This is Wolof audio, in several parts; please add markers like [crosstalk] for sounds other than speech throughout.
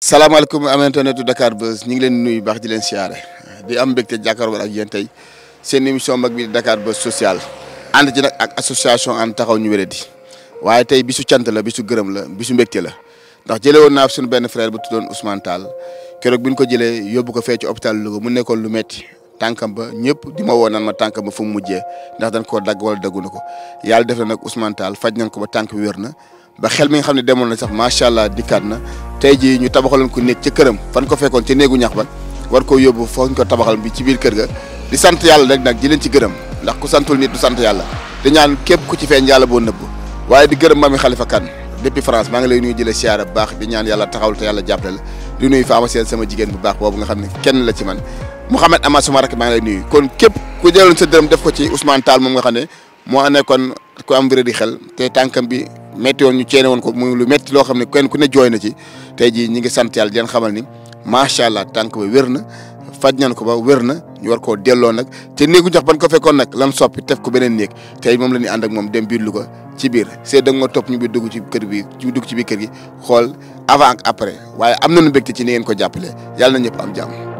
salaamaaleykum am internet Dakar Buzz ñu ngi leen nuyu baax di leen siyaare di am mbégte jàkkaarloo ak yéen tey seen émission mag bi Dakar ba social ànd ci nag ak association ànd taxaw ñu wéradi waaye tey bi su cant la bi su gërëm la bisu mbégte la ndax jële woon naa suñu benn frère bu tuddoon Ousmane Tall keroog bi ñu ko jëlee yóbbu ko fee ci hôpital Louga mu nekkoon lu metti tànkam ba ñëpp di ma woo naan ma tànkam ba fu mu mujjee ndax dañ ko dagg wala daggu na ko yàlla def na nag faj nañ ko ba tànk bi na ba xel mi nga xam ne demoon na sax macha allah dikkaat na tey jii ñu tabaxaloon ko néeg ca këram fan ko fekkoon ca néegu ñax ba war koo yóbbu foofu ko tabaxal bi ci biir kër ga di sant yàlla rek nag di leen ci gërëm ndax ku santul nit sant yàlla di ñaan képp ku ci feeñ yàlla boo nëbb waaye di gërëm mami Khalifa Kane depuis France maa ngi lay nuyu jëlee siyaara bu baax di ñaan yàlla taxawul te yàlla jàppale la di nuyu sama jigéen bu baax boobu nga xam ne kenn la man Mouhamed Ama suma rakk maa ngi lay nuyu kon képp ku jëloon sa dërëm def ko ci Ousmane moom nga xam ne moo nekkoon ku am wér di xel te tànkam bi métti woon ñu ceene woon ko muy lu métti loo xam ne kenn ku ne jooy na ci tey jii ñi ngi sant yàlla xamal ni macha allah tànk ba wér na faj ñan ko ba wér na ñu war koo delloo nag te néegu ñax ban ko fekkoon nag lan soppi tef ko beneen néeg tey moom la ñuy ànd ak moom dem biir Louga ci biir seet da nga topp ñu bi dugg ci kër bi ñu dugg ci biir kër gi xool avant ak après waaye am nañu mbégte ci ni ngeen ko jàppale yàlla na ñëpp am jàmm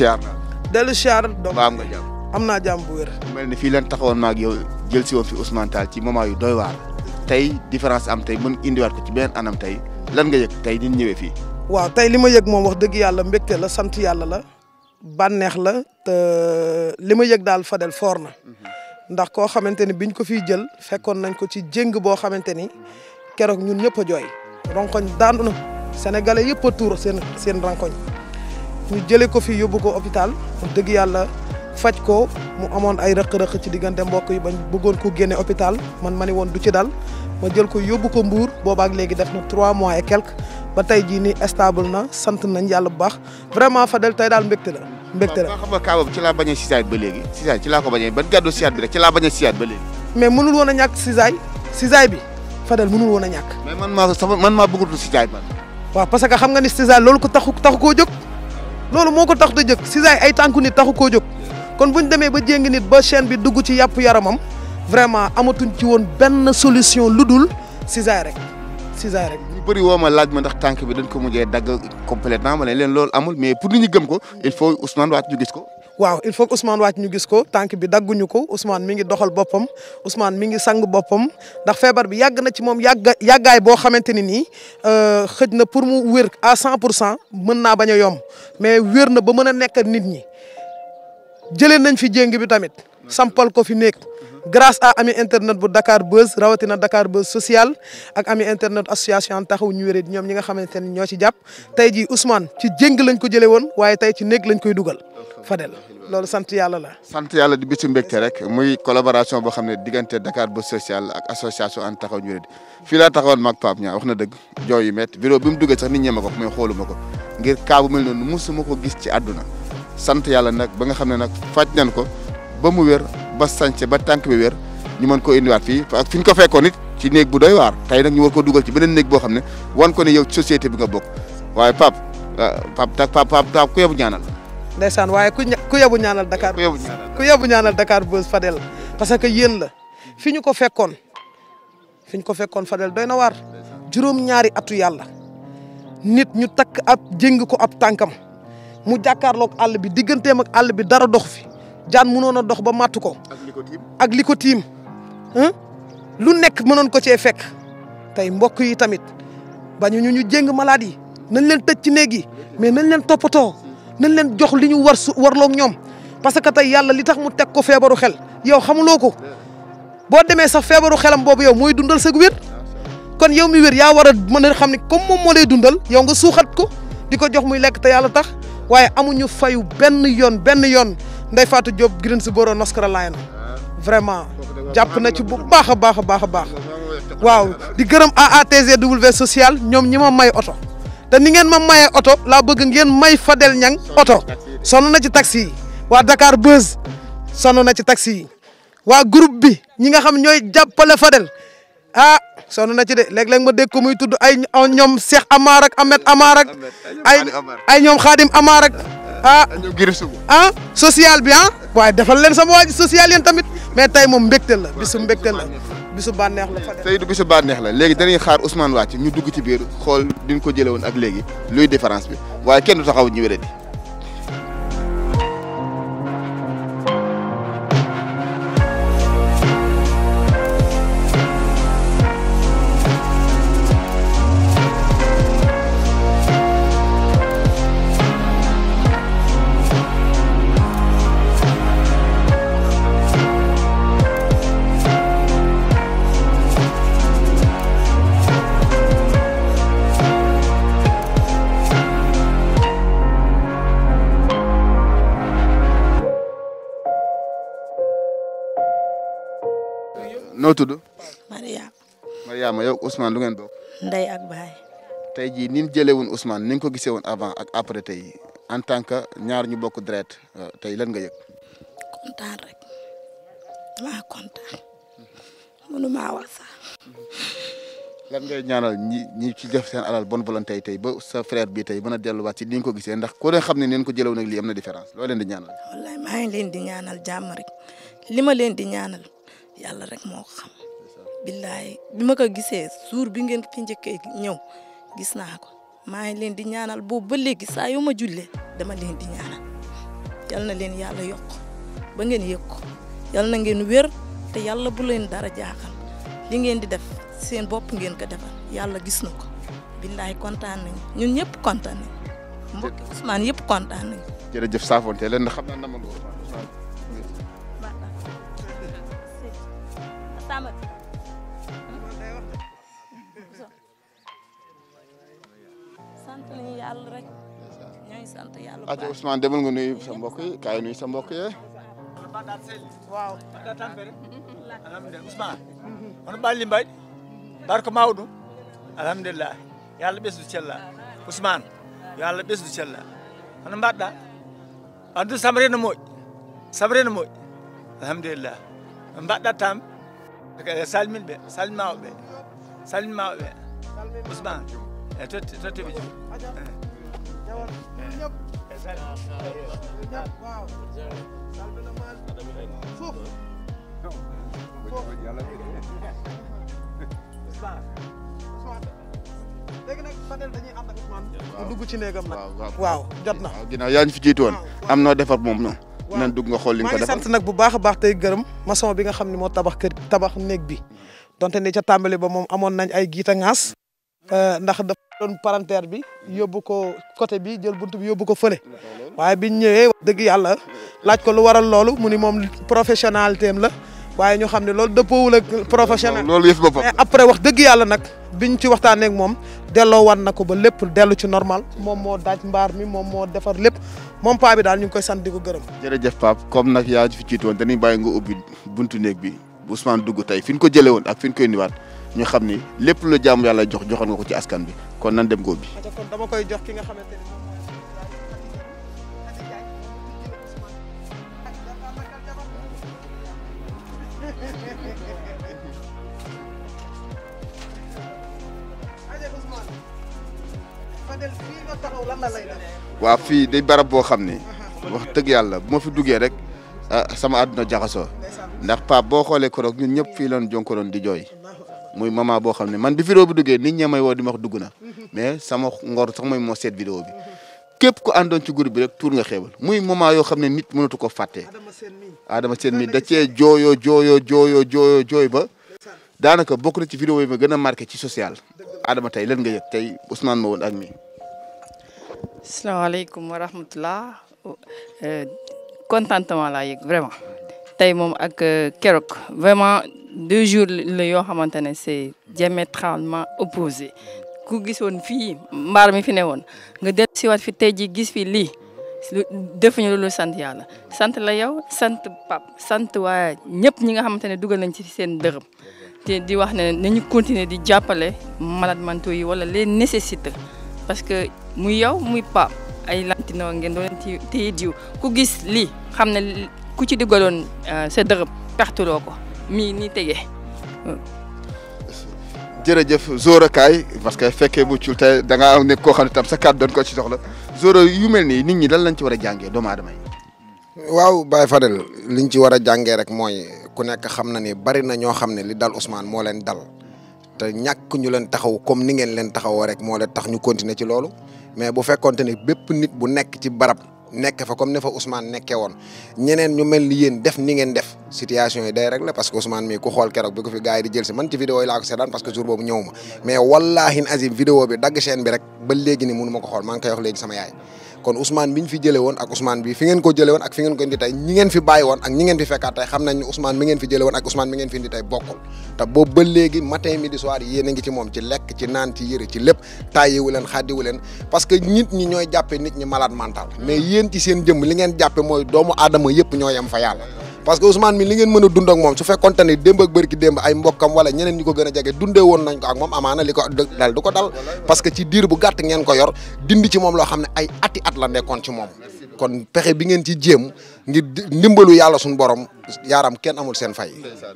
siyaar. dellu siyaar. donc am nga jàmm am naa jàmm bu wér. mel ni fii leen taxawoon maag yow jël si woon fi Ousmane Tall ci moment yu doy waar tey différence am tey mën indiwaat ko ci beneen anam tey lan nga yëg tey di ñëwee fi waaw tey li ma yëg moom wax dëgg yàlla mbégte la sant yàlla la bànneex la te li ma yëg daal Fadel foor na mhm. ndax koo xamante ni biñ ko fi jël fekkoon nañ ko ci jéng boo xamante ni keroog ñun ñëpp a jooy ronkoñ daanu na sénégalais yëpp a tuur seen seen ñu jëlee ko fi yóbbu ko hôpital dëgg yàlla faj ko mu amoon ay rëq-rëq ci diggante mbokk yi bañ bëggoon ko génne hôpital man ma ne woon du ci dal ma jël ko yóbbu ko Mbour boobaak léegi def na trois mois et quelque ba tey jii ni stable na sant na nañ yàlla bu baax vraiment Fadel tey daal mbégte la. mbégte la xam nga kaaba bi ci la bañ a léegi sisaay ci laa ko bañee ban gàddu siyaat bi rek ci la bañ a siyaat ba léegi. mais mënul woon a ñàkk sisaay sisaay bi Fadel mënul woon a ñàkk. mais man maa sama man maa bëggatul sisaay man. waaw parce que xam nga ni sisaay loolu ko taxu taxu koo jóg loolu moo ko tax da jëkk Cisaye ay tànku nit taxu koo jóg kon bu ñu demee ba jéngi nit ba chaîne bi dugg ci yàpp yaramam vraiment amatuñ ci woon benn solution lu dul Cisaye rek Cisaye rek. ñu bëri woo ma laaj ma ndax tànk bi dañ ko mujjee dagg complètement ma ne leen loolu amul mais pour nit ñi gëm ko il faut Ousmane waat ñu gis ko. waaw il faut que waat ñu gis ko tànk bi dagguñu ko Ousmane mi ngi doxal boppam Ousmane mi ngi sang boppam ndax feebar bi yàgg na ci moom yàgg yàggaay boo xamante ni nii euh, xëj na pour mu wér à cent pour cent mën naa bañ a yomb mais wér na ba mën a nekk nit ñi jële nañ fi jéng bi tamit sampal ko fi nekk grâce a ami internet bu Dakar Buzz rawatina Dakar Buzz social ak ami internet association taxaw ñu wéré ñoom ñi nga xamante ne ñoo ci jàpp tey ji Ousmane ci jéng lañ ko jëlee woon waaye tey ci néeg lañ koy dugal Fadel loolu sant yàlla la. sant yàlla di bisu mbégte rek muy collaboration boo xam ne diggante Dakar Buzz Social ak association Ande Taxawu ñu fii laa taxawoon mag Pape Niang wax na dëgg jooy yu métti vidéo bi mu duggee sax nit ñeme ko mais xooluma ko ngir kaa bu mel noonu mosuma ko gis ci àdduna sant yàlla nag ba nga xam ne nag faj nañ ko ba mu wér ba sànce ba tànk bi wér ñu mën ko indiwaat fii ak fi ñu ko fekkoon it ci néeg bu doy waar tey nag ñu war ko dugal ci beneen néeg boo xam ne wan ko ne yow société bi nga bokk waaye Pape euh, Pape Pape Pape ku yebu ñaanal ndeysaan waaye ku ku yebu ñaanal Dakar ku yebu ñaanal Dakar Buzz Fadel parce que yéen la fi ñu ko fekkoon fi ñu ko fekkoon Fadel doy na waar juróom ñaari atu yàlla nit ñu takk ab jéng ko ab tànkam mu jàkkaarloog àll bi digganteem ak àll bi dara dox fi jaan mënoon a dox ba matt ko ak li ko tiim lu nekk mënoon ko cee fekk tey mbokk yi tamit bañu ñu ñu jéng malade yi nañ leen tëj ci néeg yi mais nañ leen toppatoo nan leen jox li ñu war su warloog ñoom parce que tey yàlla li tax mu teg ko feebaru xel yow xamuloo ko boo demee sax feebaru xelam boobu yow mooy dundal sa wér kon yow mi wér yaa war a mën a xam ne comme moom moo lay dundal yow nga suuxat ko di ko jox muy lekk te yàlla tax waaye amuñu fayu benn yoon benn yoon nday Ndeye Fatou Diop Greensboro North Carolina vraiment jàpp na ci bu baax a baax a baax a baax waaw di gërëm AATGW social ñoom ñi ma may oto te ni ngeen ma mayee oto laa bëgg ngeen may Fadel Niang oto sonn na ci taxi yi waa Dakar Buzz sono na ci taxi yi waa groupe bi ñi nga xam ñooy jàppale Fadel ah sonn na ci de léeg-léeg ma dégg ko muy tudd ay ñoom Cheikh Amar ak Ahmed ay ñoom Khadim Amar ak ah. ah social bi ah waaye defal leen sama waa ji social yéen tamit mais tey moom mbégteel la bisu mbégteel la bisu bànneex la fa Seydou bisu bànneex la léegi dañuy xaar Ousmane wàcc ñu dugg ci biir xool duñ ko jëlee woon ak léegi luy différence bi waaye kenn du taxaw ñu wéradi noo tudd. Mariama. Mariama yow Ousmane lu ngeen bokk. Ndey ak Baay. tey jii ni ñu jëlee woon Ousmane ni ko gisee woon avant ak après tey en tant que ñaar ñu bokk dret euh, tey lan nga yëg. kontaan rek damaa kontaan mënumaa wax sax. lan ngay ñaanal ñi ñi ci def seen alal bonne volonté tey ba sa frère bi tey mën a delluwaat ci ni ko gisee ndax ko ne xam ne neen ko jëlee woon ak lii am na différence loo leen di ñaanal. wallaay leen di ñaanal jàmm rek li leen di ñaanal. yàlla rek moo ko xam. billaay bi ma ko gisee jour bi ngeen fi njëkkee ñëw gis naa ko maa ngi leen di ñaanal boobu ba léegi saa yu ma jullee dama leen di ñaanal yal na leen yàlla yokk ba ngeen yëg ko yal na ngeen wér te yàlla bu leen dara jaaxal li ngeen di def seen bopp ngeen ko defal yàlla gis na ko billaay kontaan nañu ñun ñëpp kontaan nañu mbokki Ousmane yëpp kontaan nañu. jërëjëf saafonte leen xam naa namal Samba. sant rek. ñoo ngi sant yàlla bu baax Ousmane demal nga nuyu sa mbokk yi kaay nuyu sa mbokk yee. waaw. alhamdulilah Ousmane. man maa ngi limbay. barke Maodo. alhamdulilah. du cella Ousmane. yàlla bés du cella man mbaɗɗa andu samreno alhamdulillah mbaɗɗa tam kadi eh, salmin ɓe salminmaɓe ɓe salminmaɓe ɓe ousmane e totti tottiɓe jum léegi waaw dugg ci néegam nag. waaw na. waaw yaa ñu fi jiitu woon. am noo defar moom ñoom. dinañ dugg nga xool li nga ko defal sant nag bu baax a tey gërëm maçon bi nga xam ne moo tabax kër tabax néeg bi donte ne ca tàmbali ba moom amoon nañ ay giita ŋaas euh, ndax dafa doon parentère bi yóbbu ko côté bi jël bunt bi yóbbu ko fële waaye biñ ñëwee dëgg yàlla laaj ko lu waral loolu mu ni moom professionnalité am la waaye ñu xam ne loolu dëppoowul ak professionnel loolu yëf boppam mais après wax dëgg yàlla nag biñ ci waxtaanee ak moom delloo wan na ko ba lépp dellu ci normal moom moo daaj mbaar mi moom moo defar lépp moom paa daal ñu ngi koy sant di ko gërëm jërëjëf Pape comme nag yaa fi jiitu woon dañuy bàyyi nga ubbi buntu néeg bi Ousmane dugg tey fi ñu ko jëlee woon ak fi ñu koy niwaat ñu xam ni lépp lu jaamu yàlla jox joxoon nga ko ci askan bi kon nan dem ko waaw fii day barab boo xam ni wax dëgg yàlla bu ma fi duggee rek ah, sama àdduna jaxasoo ndax Pape boo xoolee ko rek ñun ñëpp fii loon jonkoroon di jooy muy maman boo xam ne man bi vidéo bi duggee ni ñi may woo di ma dugg na mais sama ngor sax mooy moo seet vidéo bi képp ku àndoon ci groupe bi rek tuur nga xeebal muy moment yoo xam ne nit mënatu ko fàtte. Adama Seen mi da cee jooyoo jooyoo jooyoo jooyoo jooy ba daanaka bokk na ci vidéo yi ma gën a marqué ci social Adama tey lan nga yëg tey Ousmane ma woon ak mi salaamaaleykum wa rahmatulah euh, contentement laa yëg vraiment tey moom ak euh, keroog vraiment deux jour la yoo xamante ne c'est diamétralement opposé ku gisoon fii mbaar mi fi ne woon nga def si wat fi tey ji gis fi lii defuñu loolu sant yàlla sant la yow sant pap sant waa ñëpp ñi nga xamante ne dugal nañu ci seen dërëm te di wax ne nañu continuer di jàppale malade mentaux yi wala les nécessiteux parce que muy yow muy Pape ay lantinoo ngeen doo leen téye diw ku gis li xam ne ku ci digaloon euh, sa dërëm perteloo ko mii nii tegee jërëjëf Zora Kaay parce que fekkee bu cul tey da ngaa nekk koo xam ne tam sa kàddu doon ko ci soxla Zora yu mel ni nit ñi lan lañ ci war a jàngee doomu aadama waaw Baye Fadel liñ ci war a jàngee rek mooy ku nekk xam na ni bari na ñoo xam ne li dal Ousmane moo leen dal te ñàkk ñu leen taxaw comme ni ngeen leen taxawoo rek moo leen tax ñu continuer ci loolu mais bu fekkonte ne bépp nit bu nekk ci barab nekk fa comme ne fa Ousmane nekkee woon ñeneen ñu mel ni yéen def ni ngeen def situation yi day régler parce que Ousmane mii ku xool keroog bi ko fi gars jël si man ci vidéo yi laa ko seetaan parce que jour boobu ñëw ma mais wallaahi azim vidéo bi dagg chaîne bi rek ba léegi ni mënu ma ko xool maa ngi koy sama yaay kon Ousmane bi ñu fi jëlee woon ak Ousmane bi fi ngeen ko jëlee woon ak fi ngeen ko indi tey ñi ngeen fi bàyyi woon ak ñi ngeen fi fekkaat tey xam nañ ne Ousmane mi ngeen fi jëlee woon ak Ousmane mi ngeen fi indi tey bokkul te boobu ba léegi matin midi soir yéen a ngi ci moom ci lekk ci naan ci yëre ci lépp tàyyiwu leen xàddiwu leen parce que nit ñi ñooy jàppe nit ñi malade mental mais yéen ci seen jëm li ngeen jàppe mooy doomu aadama yëpp ñoo yem fa yàlla parce que Ousmane mi li ngeen mën a dund ak moom su fekkonte ne démb ak bërki démb ay mbokkam wala ñeneen ko gën a jege dundee woon nañ ko ak moom amaana li ko dal du dal parce que ci diir bu gàtt ngeen ko yor dindi ci moom loo xam ne ay ati at la nekkoon ci moom kon pexe bi ngeen ci jéem ngir ndimbalu yàlla suñu borom yaaram kenn amul seen fay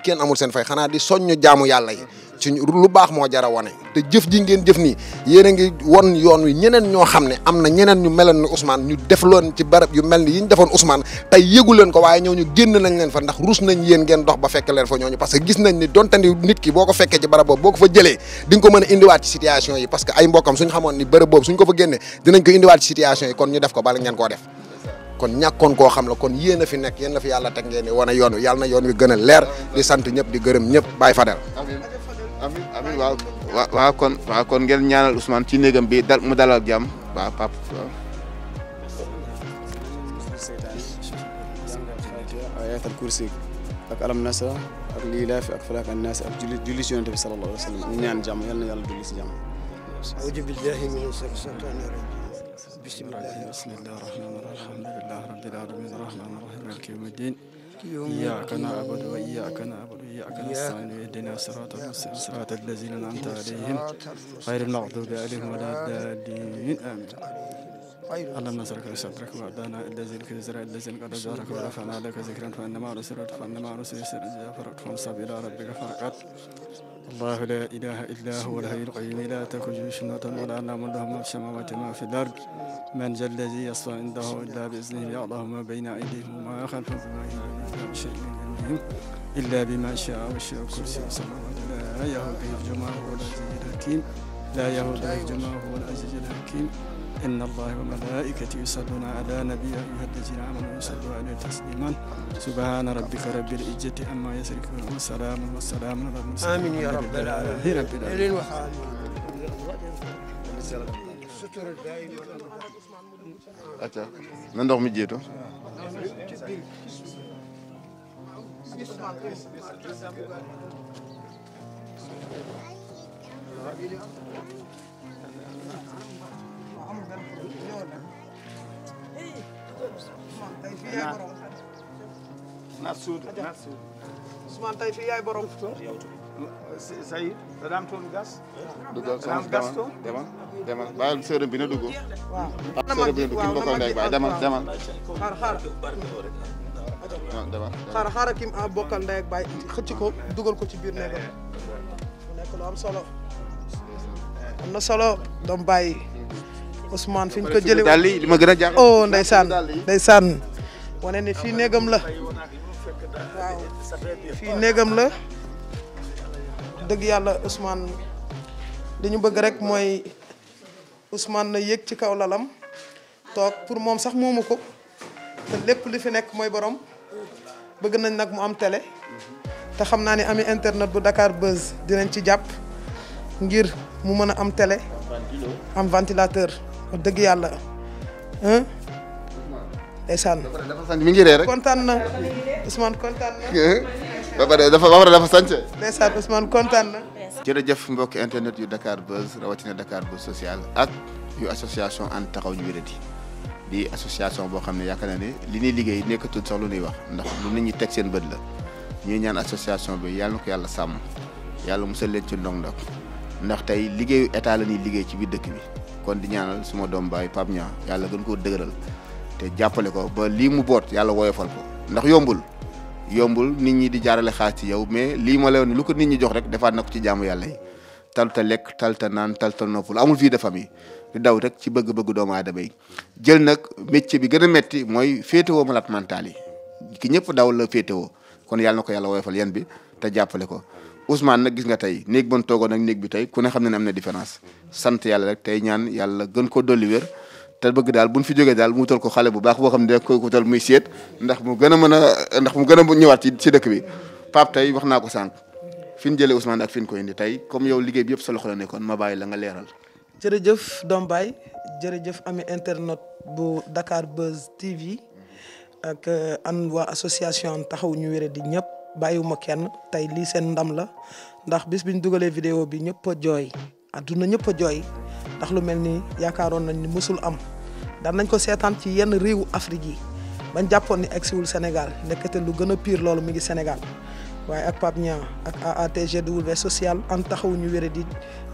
kenn amul seen fay xanaa di soññu jaamu yàlla yi lu baax moo jara wane te jëf ji ngeen jëf nii yéen a ngi won yoon wi ñeneen ñoo xam ne am na ñeneen ñu meloon ni Ousmane ñu def loon ci barab yu mel ni yi defoon Ousmane tey yëgu leen ko waaye ñëw ñu génn nañ leen fa ndax rus nañ yéen ngeen dox ba fekk leen fa ñooñu parce gis nañ ni donte ni nit ki boo ko fekkee ci barab boobu boo ko fa jëlee a indiwaat ci ko dinañ ñu def ko bala ngeen koo kon ñàkkoon koo xam la kon yéen a fi nekk yéen fi yàlla teg ngeen ni wane yoon wi yàlla na yoon wi gën a leer di sant ñëpp di gërëm ñëpp Baye Fadel amiin amiin waaw waaw kon kon ngeen ñaanal Ousmane ci néegam bi dal mu dalal jàmm waaw pap ayatal kursi ak alam nasa ak lii laa fi ak falaak an naas ak julli julli si yonent bi sallallahu alayhi wa sallam ñu ñaan jàmm yal na yàlla julli si jàmm bismillaahi bismillaahi rahmaani rahiim alhamdulillaahi rabbil aalamiin rahmaani rahiim maaliki yawmi ddiin إياك نعبد وإياك نعبد وإياك نستعين اهدنا الصراط المستقيم صراط الذين أنعمت عليهم غير المغضوب عليهم ولا الضالين آمين اللهم صل على صدرك وأعدانا الذين في زرع الذين قد جارك ورفعنا لك ذكرا فإنما رسلت فإنما رسلت فرقت فانصب إلى ربك فرقت الله لا إله إلا هو الحي القيوم لا تأخذه سنة ولا نوم له ما في السماوات وما في الأرض من ذا الذي يصفى عنده إلا بإذنه يعلم ما بين أيديهم وما خلفهم وما يعلم شيء من إلا بما شاء وشاء كرسي السماوات لا يهود الجماعة ولا العزيز الحكيم لا يهود الجماعة ولا العزيز الحكيم inna allaha wa malaikatahu yusalluna ala nabiyyi ya ayyuhallazina amanu sallu alayhi tasliman subhana rabbika rabbil izzati amma yasifun wa salamun wa salamun ala mursalin amin ya rabbal alamin acca na ndox mi jiitu Thank you. naat suudu na dugg waaw sërëm bi na dugg ki mbokk ndey baay a bokkal ndey ak baay ko dugal ko ci biir néegam mu Ousmane fi ñu ko jëlee daal li ma gën a jaaxal oh ndeysaan ndeysaan wane ni fii néegam la waaw fii néegam la dëgg yàlla Ousmane dañu bëgg rek mooy Ousmane na yéeg ci kaw lalam toog pour moom sax moomu ko lépp li fi nekk mooy boroom bëgg nañ nag mu am tele te xam naa ni ami internet bu Dakar Buzz dinañ ci jàpp ngir mu mën a am télé am ventilateur dëgg yàlla ndeysaan dafa sant mi ngi rek kontaan na Ousmane kontaan na [laughs] ba pare dafa ba pare dafa sant ndeysaan Ousmane kontaan na jërëjëf mbokk internet yu Dakar Buzz rawatina Dakar Buzz social ak yu association ànd taxaw ñu wéradi di association boo xam ne yaakaar naa ne li ñuy liggéey nekk sax lu ñuy wax ndax lu nit ñi teg seen bët la ñuy ñaan association bi yàlla na ko yàlla sàmm yàlla musal leen ci ndong ndong ndax tey liggéeyu état la ñuy liggéey ci biir dëkk bi kon di ñaanal suma doom baay Pape Niang yàlla gën koo dëgëral te jàppale ko ba lii mu boot yàlla woyofal ko ndax yombul yombul nit ñi di jaarale xaalis ci yow mais lii ma lewoon lu ko nit ñi jox rek defaat na ko ci jaamu yàlla yi talta lekk talta naan talta noppul amul vie de famille di daw rek ci bëgg-bëgg doomu aadama yi jël nag métier bi gën a métti mooy féetewoo malade mental yi ki ñëpp daw la féetewoo kon yàlla na ko yàlla woyofal yan bi te jàppale ko Ousmane nag gis nga tey néeg bon toogoon ak néeg bi tey ku ne xam ne ne na différence sant yàlla rek tey ñaan yàlla gën ko dolli wér te bëgg daal bu buñ fi jógee daal mu wutal ko xale bu baax boo xam ne da koy wutal muy seet ndax mu gën a mën a ndax mu gën a ñëwaat ci ci dëkk bi Pape tey wax naa ko sànq fi ñu jëlee Ousmane ak fi ko indi tey comme yow liggéey bi yëpp sa loxo la nekkoon ma bàyyi la nga leeral jërëjëf Dom jërëjëf ami internet bu Dakar Buzz TV ak euh, an waa association taxaw ñu wéré di ñëpp bàyyiwuma kenn tey lii seen ndam la ndax bis biñ dugalee vidéo bi ñëpp a jooy adduna ñëpp a jooy ndax lu mel ni yaakaaroon nañ ni mësul am daan nañ ko seetaan ci yenn réewu Afrique yi bañ jàppoon ni egsiwul Sénégal nekkate lu gën a pire loolu mi ngi Sénégal waaye ak ak Pape Niang ak AATGW social an taxawu ñu wére di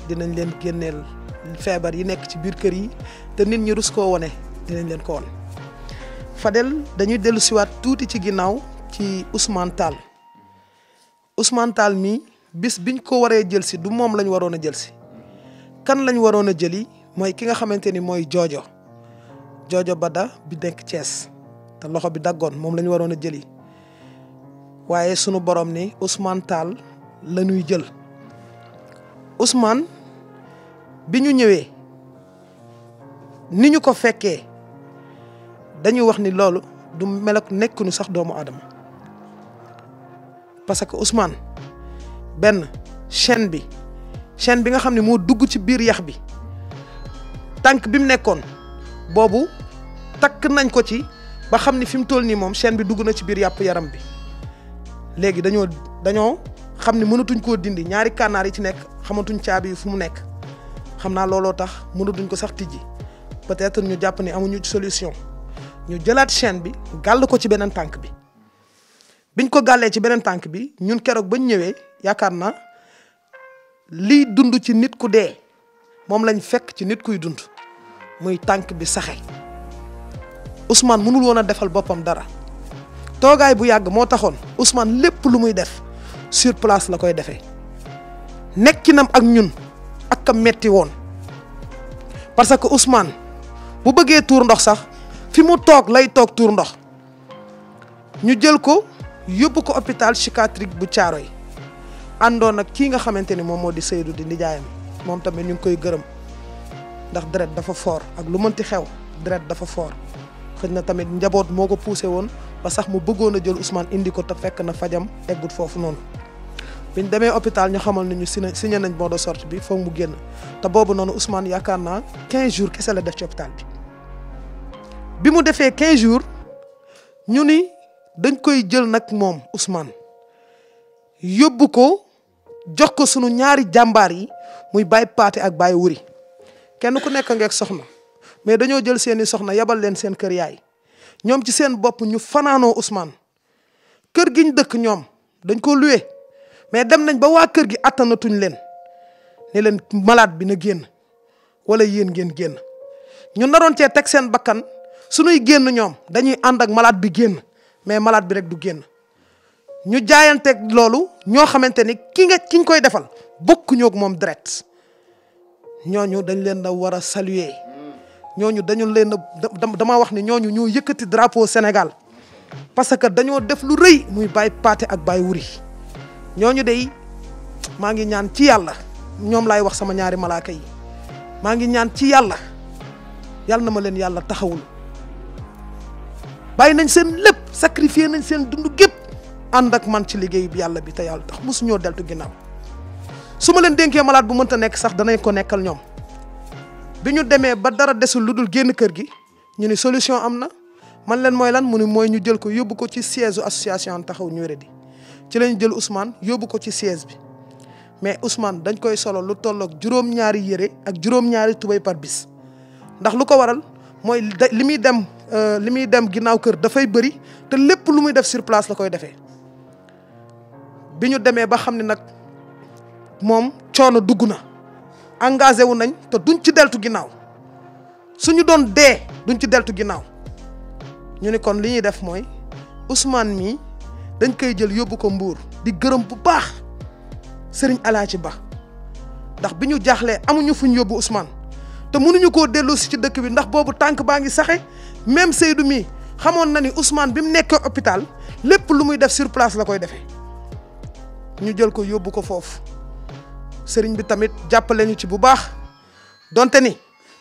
dinañ leen génneel feebar yi nekk ci biir kër yi te nit ñi rus koo wone dinañ leen koon Fadel dañuy dellu siwaat tuuti ci ginnaaw ci Ousmane Ousmane Tall mii bis biñ ko waree jël si du moom lañ waroon a jël si kan lañ waroon a jëli mooy ki nga xamante ni mooy joojo joojo Bada bi nekk cees te loxo bi daggoon moom la ñu waroon a jëli waaye sunu borom ni Ousmane Tall la ñuy jël Ousmane bi ñu ñëwee ni ñu ko fekkee dañuy wax ni loolu du melok nekkunu sax doomu aadama parce que Ousmane benn chaîne bi chaîne bi nga xam ne moo dugg ci biir yax bi tànk bi mu nekkoon boobu takk nañ ko ci ba xam ni fi mu toll nii moom chaîne bi dugg na ci biir yàpp yaram bi léegi dañoo dañoo xam ni mënatuñ koo dindi ñaari kànnaar yi ci nekk xamatuñ caabi yi fu mu nekk xam naa looloo tax mënatuñ ko sax tijji peut-être ñu jàpp ni amuñu solution ñu jëlaat chaîne bi gàll ko ci beneen tànk bi. biñ ko gàllee ci beneen tànk bi ñun keroog bañ ñëwee yaakaar na liy dund ci nit ku dee moom lañ fekk ci nit kuy dund muy tànk bi saxe Ousmane mënul woon a defal boppam dara toogaay bu yàgg moo taxoon Ousmane lépp lu muy def surplace la koy defee nekkinam ak ñun ak kam metti woon parce que Ousmane bu bëggee tuur ndox sax fi mu toog lay toog tuur ndox ñu jël ko yóbbu ko hôpital psychiatrique bu Thiaroye àndoon ak kii nga xamante ni moom moo di Seydou di nijaayam moom tamit ñu ngi koy gërëm ndax deret dafa foor ak lu mënti xew deret dafa foor xëy na tamit njaboot moo ko poussé woon ba sax mu bëggoon a jël Ousmane indi ko te fekk na fajam eggut foofu noonu biñ demee hôpital ñu xamal nañu si signé nañ bon de sorte bi foog mu génn te boobu noonu Ousmane yaakaar naa 15 jours kese la def ci hôpital bi bi mu defee 15 jours ñu ni dañ koy jël nag moom Ousmane yóbbu ko jox ko sunu ñaari jàmbaar yi muy Baye Paate ak Baye Wuri kenn ku nekk ngeeg soxna mais dañoo jël seeni soxna yabal leen seen kër yaay ñoom ci seen bopp ñu fanaanoo usmaan kër giñ dëkk ñoom dañ ko luwe mais dem nañ ba waa kër gi attanatuñ leen ne leen malade bi na génn wala yéen ngeen génn ñu naroon cee teg seen bakkan sunuy génn ñoom dañuy ànd ak malaat bi génn mais malaat bi rek du génn ñu jaayanteeg loolu ñoo xamante ni kii nga ki koy defal bokkuñu ak moom direct ñooñu dañ leen a war a saluer ñooñu dañu leen a dama wax ni ñooñu ñoo yëkkati drapeau Sénégal parce que dañoo def lu rëy muy bàyyi paate ak bàyyi wuri ñooñu day maa ngi ñaan ci yàlla ñoom lay wax sama ñaari malaaka yi maa ngi ñaan ci yàlla yàlla na ma leen yàlla taxawul bàyyi nañ seen lépp sacrifié nañ seen dund gépp ànd ak man ci liggéey bi yàlla bi te yàlla tax mosu ñoo deltu ginnaaw su ma leen dénkee malade bu mënta nekk sax danañ ko nekkal ñoom bi ñu demee ba dara desul lu dul génn kër gi ñu ni solution am na man leen mooy lan mu ni mooy ñu jël ko yóbbu ko ci siège association taxaw ñu wéradi ci lañu jël Ousmane yóbbu ko ci siège bi mais Ousmane dañ koy solo lu tolloog juróom-ñaari yére ak juróom-ñaari tubéy par ko li muy dem Euh, li muy dem ginnaaw kër dafay bëri te lépp lu muy def sur la koy defee bi ñu demee ba xam ne nag moom coono dugg na engagé wu nañ te duñ ci deltu ginnaaw suñu doon dee duñ ci deltu ginnaaw ñu ni kon li ñuy def mooy Ousmane mii dañ koy jël yóbbu ko Mbuur di gërëm bu baax sëriñ Alaaji Ba ndax bi ñu jaaxlee amuñu fuñ yóbbu Ousmane te mënuñu koo dellu si ci dëkk bi ndax boobu tànk baa ngi saxe même Seydou mii xamoon na ni Ousmane bi mu nekkee hôpital lépp lu muy def sur la koy defee ñu jël ko yóbbu ko foofu sëriñ bi tamit jàppale ñu ci bu baax donte ni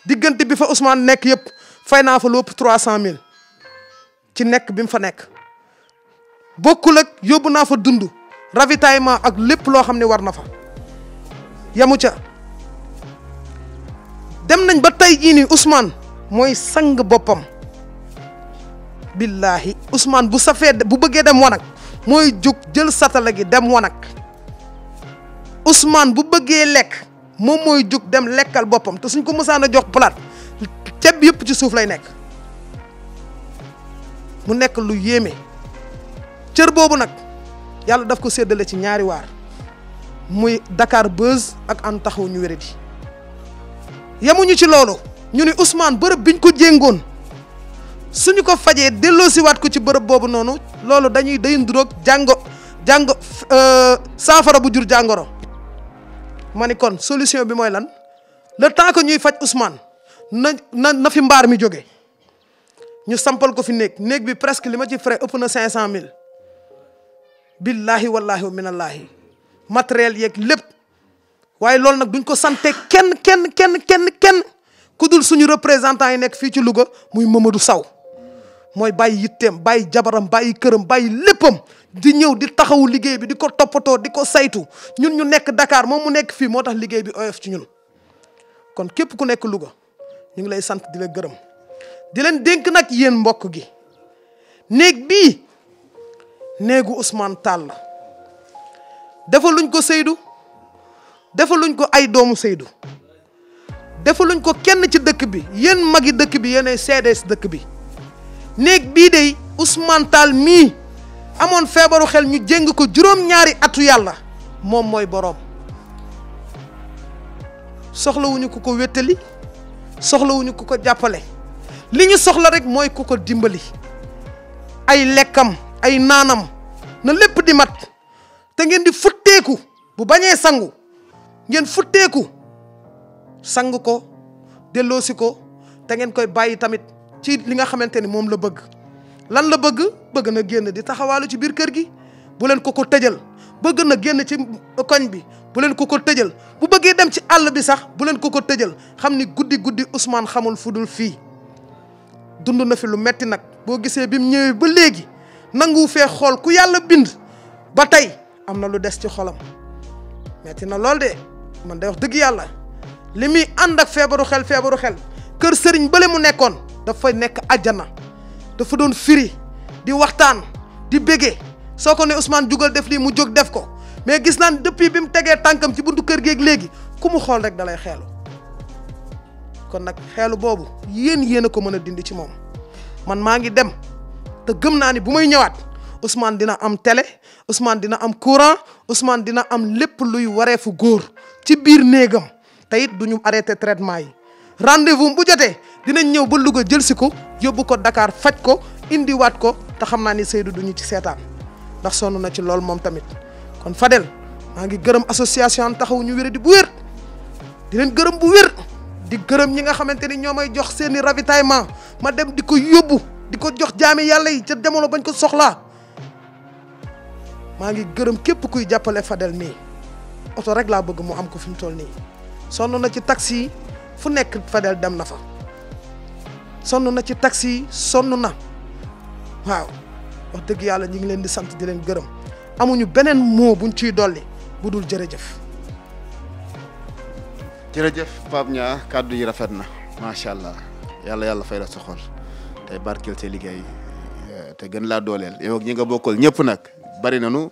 diggante bi fa Ousmane nekk yëpp fay naa fa lu trois cent mille ci nekk bi mu fa nekk bokkul ak yóbbu naa fa dund ravitaillement ak lépp loo xam ne war na fa yamu ca dem nañ ba tey gii nii usmaan mooy sang boppam billahi usmaan bu safee bu bëggee dem wanag mooy jóg jël satala gi dem wanag Ousmane bu bëggee lekk moom mooy jóg dem lekkal boppam te suñ ko mësaan a jox palaat ceeb yëpp ci suuf lay nekk mu nekk lu yéeme cër boobu nag yàlla daf ko séddale ci ñaari waar muy dakaar Buzz ak Ànd Taxawu ñu wéradi yemuñu ci loolu ñu ni Ousmane bërëb biñ ko jéngoon suñu ko fajee delloosiwaat ko ci bërëb boobu noonu loolu dañuy day nduroog jàngo jàngo euh, saafara bu jur jàngoro ma ni kon solution bi mooy lan le temps que ñuy faj Ousmane na na na fi mbaar mi jóge ñu sampal ko fi néeg néeg bi presque li ma ci frais ëpp na cinq cent mille billaahi wallaahi wa minallaahi matériel yeeg lépp waaye loolu nag duñ ko sante kenn kenn kenn kenn kenn ku dul suñu représentant yi nekk fii ci Louga muy Mamadou Saw mooy bàyyi yitteem bàyyi jabaram bàyyi këram bàyyi léppam di ñëw di taxawu liggéey bi di ko toppatoo di ko saytu ñun ñu nekk dakaar moom mu nekk fii moo tax liggéey bi oyof ci ñun kon képp ku nekk Louga ñu ngi lay sant di la gërëm di leen dénk nag yéen mbokk gi néeg bi néegu Ousmane Tall la defaluñ ko Seydou defaluñ ko ay doomu Seydou defaluñ ko kenn ci dëkk bi yéen magi dëkk bi yéenay seedees dëkk bi néeg bii de Ousmane mii amoon feebaru xel ñu jéng ko juróom-ñaari atu yàlla moom mooy boroom soxlawuñu ku ko wéttali soxlawuñu ku ko jàppale li ñu soxla rek mooy ku ko dimbali ay lekkam ay naanam na lépp di mat te ngeen di futteeku bu bañee sangu ngeen futteeku sang ko delloosi ko te ngeen koy bàyyi tamit ci li nga xamante ni moom la bëgg lan la bëgg bëgg na génn di taxawaalu ci biir kër gi bu leen ko ko tëjal bëgg na génn ci koñ bi bu leen ko ko tëjal bu bëggee dem ci àll bi sax bu leen ko ko tëjal xam ni guddi guddi Ousmane xamul fu dul fii dund na fi lu metti nag boo gisee bi mu ñëwee ba léegi nanguwu fee xool ku yàlla bind ba tey am na lu des ci xolam metti na lool de man day wax dëgg yàlla li muy ànd ak feebaru xel feebaru xel kër sëriñ bale mu nekkoon dafa nekk àjjana dafa doon firi di waxtaan di bége soo ko ne usmaan jugal def lii mu jóg def ko mais gis naan depuis bi mu tegee tànkam ci buntu kër géeg léegi ku mu xool rek dalay xeelu kon nag xeelu boobu yéen yéen a ko mën a dindi ci moom man maa ngi dem te gëm naa ni bu may ñëwaat Ousmane dina am tele Ousmane dina am courant Ousmane dina am lépp luy waree fu góor ci biir néegam te it du ñu arrêté traitement yi rendez-vous bu jotee dinañ ñëw ba Louga jël si ko yóbbu ko dakaar faj ko indiwaat ko te xam naa ni Seydou du ñu ci seetaan ndax sonn na ci lool moom tamit kon Fadel maa ngi gërëm association taxawu ñu wér di bu wér di gërëm bu wér di gërëm ñi nga xamante ni ñoo may jox seeni ravitaillement ma dem di ko yóbbu di ko jox jaami yàlla yi ca jamono bañ ko soxlaa maa ngi gërëm képp kuy jàppale Fadel nii oto rek laa bëgg mu am ko fu mu toll nii sonn na ci taxi fu nekk Fadel dem na fa sonn na ci taxi sonn na waaw wax dëgg yàlla ñu ngi leen di sant di leen gërëm amuñu beneen mot buñ ciy dolli bu dul jërëjëf. jërëjëf Pape Nia kàddu yi rafet na macha allah yàlla yàlla fay la sa xol tey barkeel sa liggéey eh, te gën laa dooleel yow ak ñi nga bokkal ñëpp nag bari nañu.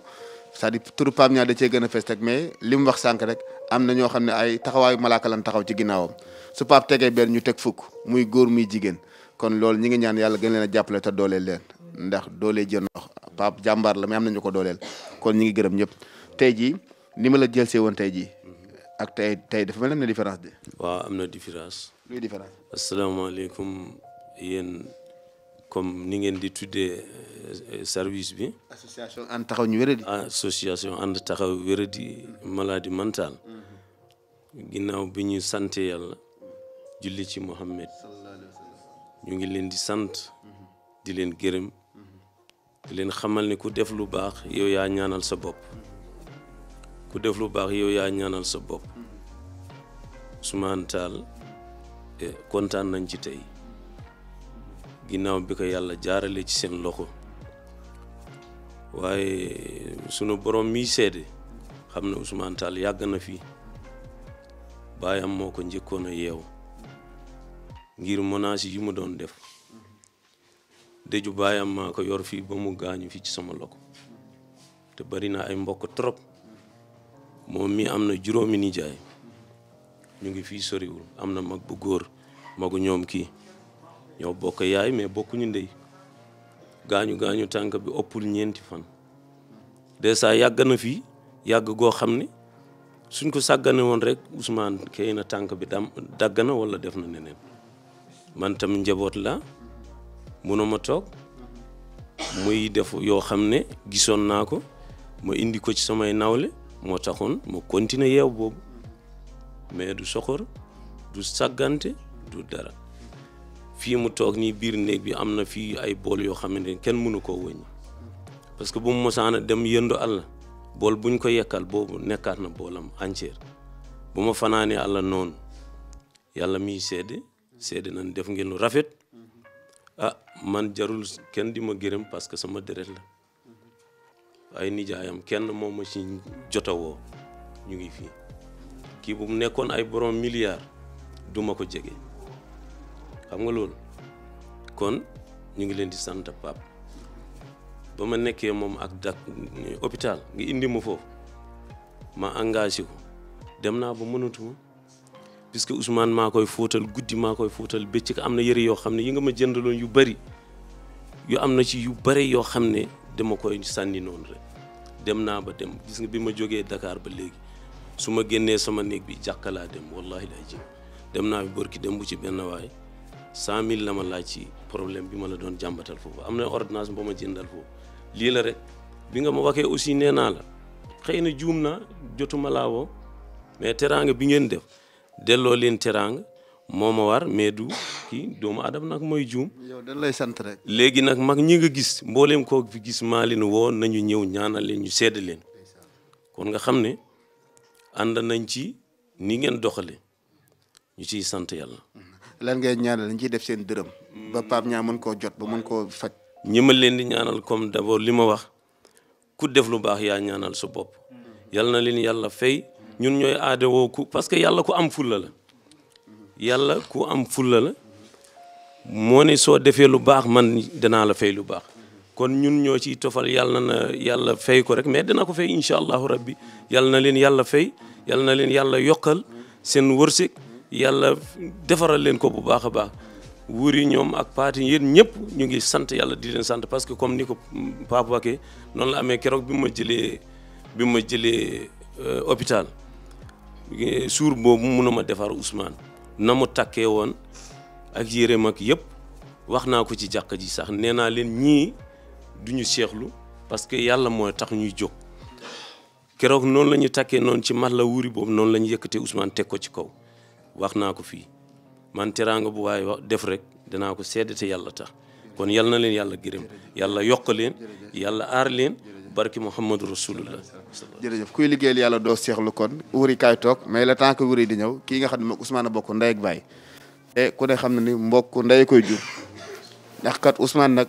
c'est-à-dire turu da cee gën a fees rek mais li mu wax sànq rek am na ñoo xam ne ay taxawaayu malaaka lan taxaw ci ginnaawam su Pape tegee benn ñu teg fukk muy góor muy jigéen kon loolu ñi ngi ñaan yàlla gën leen a jàppale te dooleel leen ndax doole jën wax Pape la mais am na ñu ko dooleel kon ñi ngi gërëm ñëpp tey jii ni ma la jël woon tey jii ak tey tey dafa mel ne na différence de. waaw am na différence. luy différence. asalaamaaleykum yéen. comme ni ngeen di tuddee euh, service bi. association ànd taxaw ñu wéradi. association ànd taxaw wéradi maladie mentale. ginnaaw bi ñu sant yàlla. julli ci Muhammad. ñu ngi leen di sant. di leen gërëm. di leen xamal ni ku def lu baax yow yaa ñaanal sa bopp. ku def lu baax yow yaa ñaanal sa bopp. Ousmane Tall eh, kontaan nañ ci tey. ginnaaw bi ko yàlla jaarale ci seen loxo waaye sunu borom mi seede xam na Ousmane yàgg na fii baayam moo ko njëkkoon a yeew ngir menaces yi mu doon def deju baayam maa ko yor fii ba mu gaañu fii ci sama loxo te bari na ay mbokk trop moom mi am na juróomi nijaay ñu ngi fii soriwul am na mag bu góor magu ñoom kii ñoo bokk yaay mais bokkuñu ndey gaañu gaañu tànk bi ëppul ñeenti fan dèjà yàgg na fii yàgg goo xam ne suñ ko sàggane woon rek Ousmane xëy na tànk bi dam dagg na wala def na neneen man tam njaboot la ma toog muy def yoo xam ne gisoon naa ko ma indi ko ci samay nawle moo taxoon ma continuer yeew boobu mais du soxor du sàggante du dara fii mu toog nii biir néeg bi am na fii ay bool yoo xamante ni kenn mënu koo wëññi parce que bu mu mosaana dem yëndu àll bool buñ ko yekkal boobu nekkaat na boolam entière bu ma fanaanee àll noonu yàlla miy sedd seede nañ def ngeen lu rafet ah man jarul kenn di ma gërëm parce que sama deret la ay nijaayam kenn moom ma ci jotawoo ñu ngi fii kii bu mu nekkoon ay borom milliards duma ko jege. xam nga loolu kon ñu ngi leen di sant Pape ba ma nekkee moom ak dak hôpital nga indi ma foofu ma engage ko dem naa ba mënatuma puisque Ousmane maa koy fóotal guddi maa koy fóotal bëccëg am na yëre yoo xam ne yi nga ma jëndaloon yu bari yu am na ci yu bari yoo xam ne dama koy sànni noonu rek dem naa ba dem gis nga bi ma jógee dakaar ba léegi su ma génnee sama néeg bi jàkka laa dem wallahi laa jëm dem naa bi bërki dem bu ci benn waay cent mille la ma laaj ci problème bi ma la doon jàmbatal foofu am na ordonnance boo ma jëndal foofu lii la rek bi nga ma waxee aussi nee naa la xëy na juum na jotuma laa woo mais teraanga bi ngeen def delloo leen teraanga moo ma war mais du kii doomu adam nag mooy juum. yow dañ lay sant léegi nag mag ñi nga gis mbooleem koo fi gis maa leen woo nañu ñëw ñaanal leen ñu sedd leen kon nga xam ne ànd nañ ci ni ngeen doxale ñu ciy sant yàlla. lan ngay ñaanal ñu ciy def seen dërëm. ba Pape Niang mën koo jot ba mën koo faj. ñi ma leen di ñaanal comme d'abord li ma wax ku def lu baax yaa ñaanal su bopp yal na leen yàlla fay ñun ñooy aadawoo ku parce que yàlla ku am fulla la yàlla ku am fulla la moo ne soo defee lu baax man danaa la fay lu baax kon ñun ñoo ciy tofal yàlla yàlla fay ko rek mais dana ko fay incha allahu rabbi yàlla na leen yàlla fay yàlla na leen yàlla yokkal seen wërsëg. yàlla defaral leen ko bu baax a baax wuur yi ñoom ak paati yéen ñëpp ñu ngi sant yàlla di leen sant parce que comme ni ko Pape waxee noonu la amee keroog bi ma jëlee bi ma jëlee euh, hôpital suur boobu mun a ma defar Ousmane na mu takkee woon ak yéreem mag yëpp wax naa ko ci jàkka ji sax nee naa leen ñii du ñu seexlu parce que yàlla mooy tax ñuy jóg keroog noonu la ñu takkee noon ci mat la wuuri boobu noonu la ñu yëkkatee Ousmane teg ko ci kaw wax naa ko fii man teraanga bu waaye wax def rek danaa ko seddate yàlla tax kon yal na leen yàlla gërëm yàlla yokk leen yàlla aar leen barki Muhammadu Rasulullah jërëjëf kuy liggéeyal yàlla doo seexlu kon wuri kaay toog mais le temps que wuri di ñëw kii nga xam ne moom Ousmane bokk ndey ak baay te eh, xam na ni mbokk ndey koy jur ndax kat Ousmane nag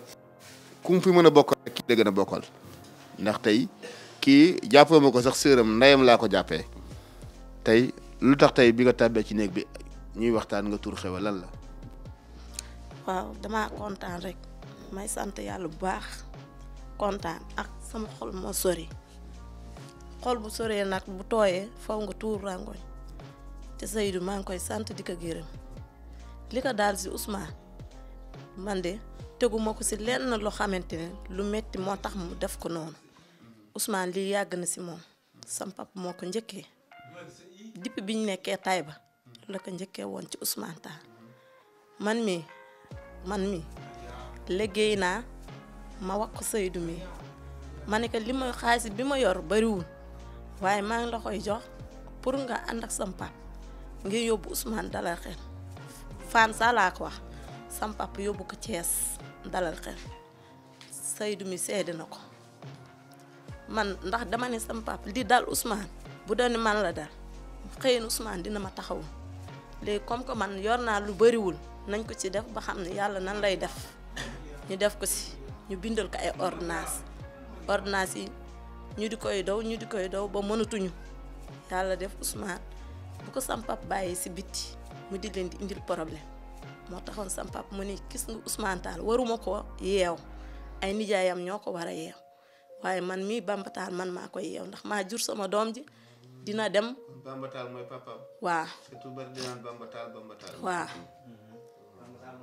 ku mu fi mën a bokkal kii la a bokkal ndax tey kii jàppoo ko sax sëram ndeyam laa ko jàppee tey lu tax tey bi nga tàbbee ci néeg bi ñuy waxtaan nga tur xewal lan la. waaw dama kontaan rek may sant yàlla bu baax kontaan ak sama xol moo sori xol bu soree nag bu tooyee faw nga tuur rangoñ te Seydou maa ngi koy sant di ko gërëm li ko daal si Ousmane man de teguma ko si lenn loo xamante ne lu metti moo tax mu def ko noonu Ousmane lii yàgg na si moom sam pap moo ko njëkkee. depuis bi ñu nekkee Taïba la ko njëkkee woon ci Ousmane Tall man mi man mi léggéey naa ma wax ko Seydou mi ma ne ko li ma xaalis bi ma yor bariwul waaye maa ngi la koy jox pour nga ànd ak sam pap ngir yóbbu Ousmane dalal xel fan sa laa ko wax sam pap yóbbu ko Thiès dalal xel Seydou mi seede na ko man ndax dama ne sam pap li dal Ousmane bu doon man la dal xëy na dina ma taxawu léegi comme que man yor naa lu bëriwul nañ ko ci def ba xam ne yàlla nan lay def ñu def ko si ñu bindal ko ay ordonnance ordonnance yi ñu di koy dow ñu di koy daw ba mënatuñu yàlla def Ousmane bu ko sam pap bàyyi si bitti mu di leen di indil problème moo taxoon sam mu ni gis nga Ousmane waruma ko yeew ay nijaayam ñoo ko war a yeew waaye man mii Bamba man maa koy yeew ndax maa jur sama doom ji dina dem. Bamba Tall mm-hmm.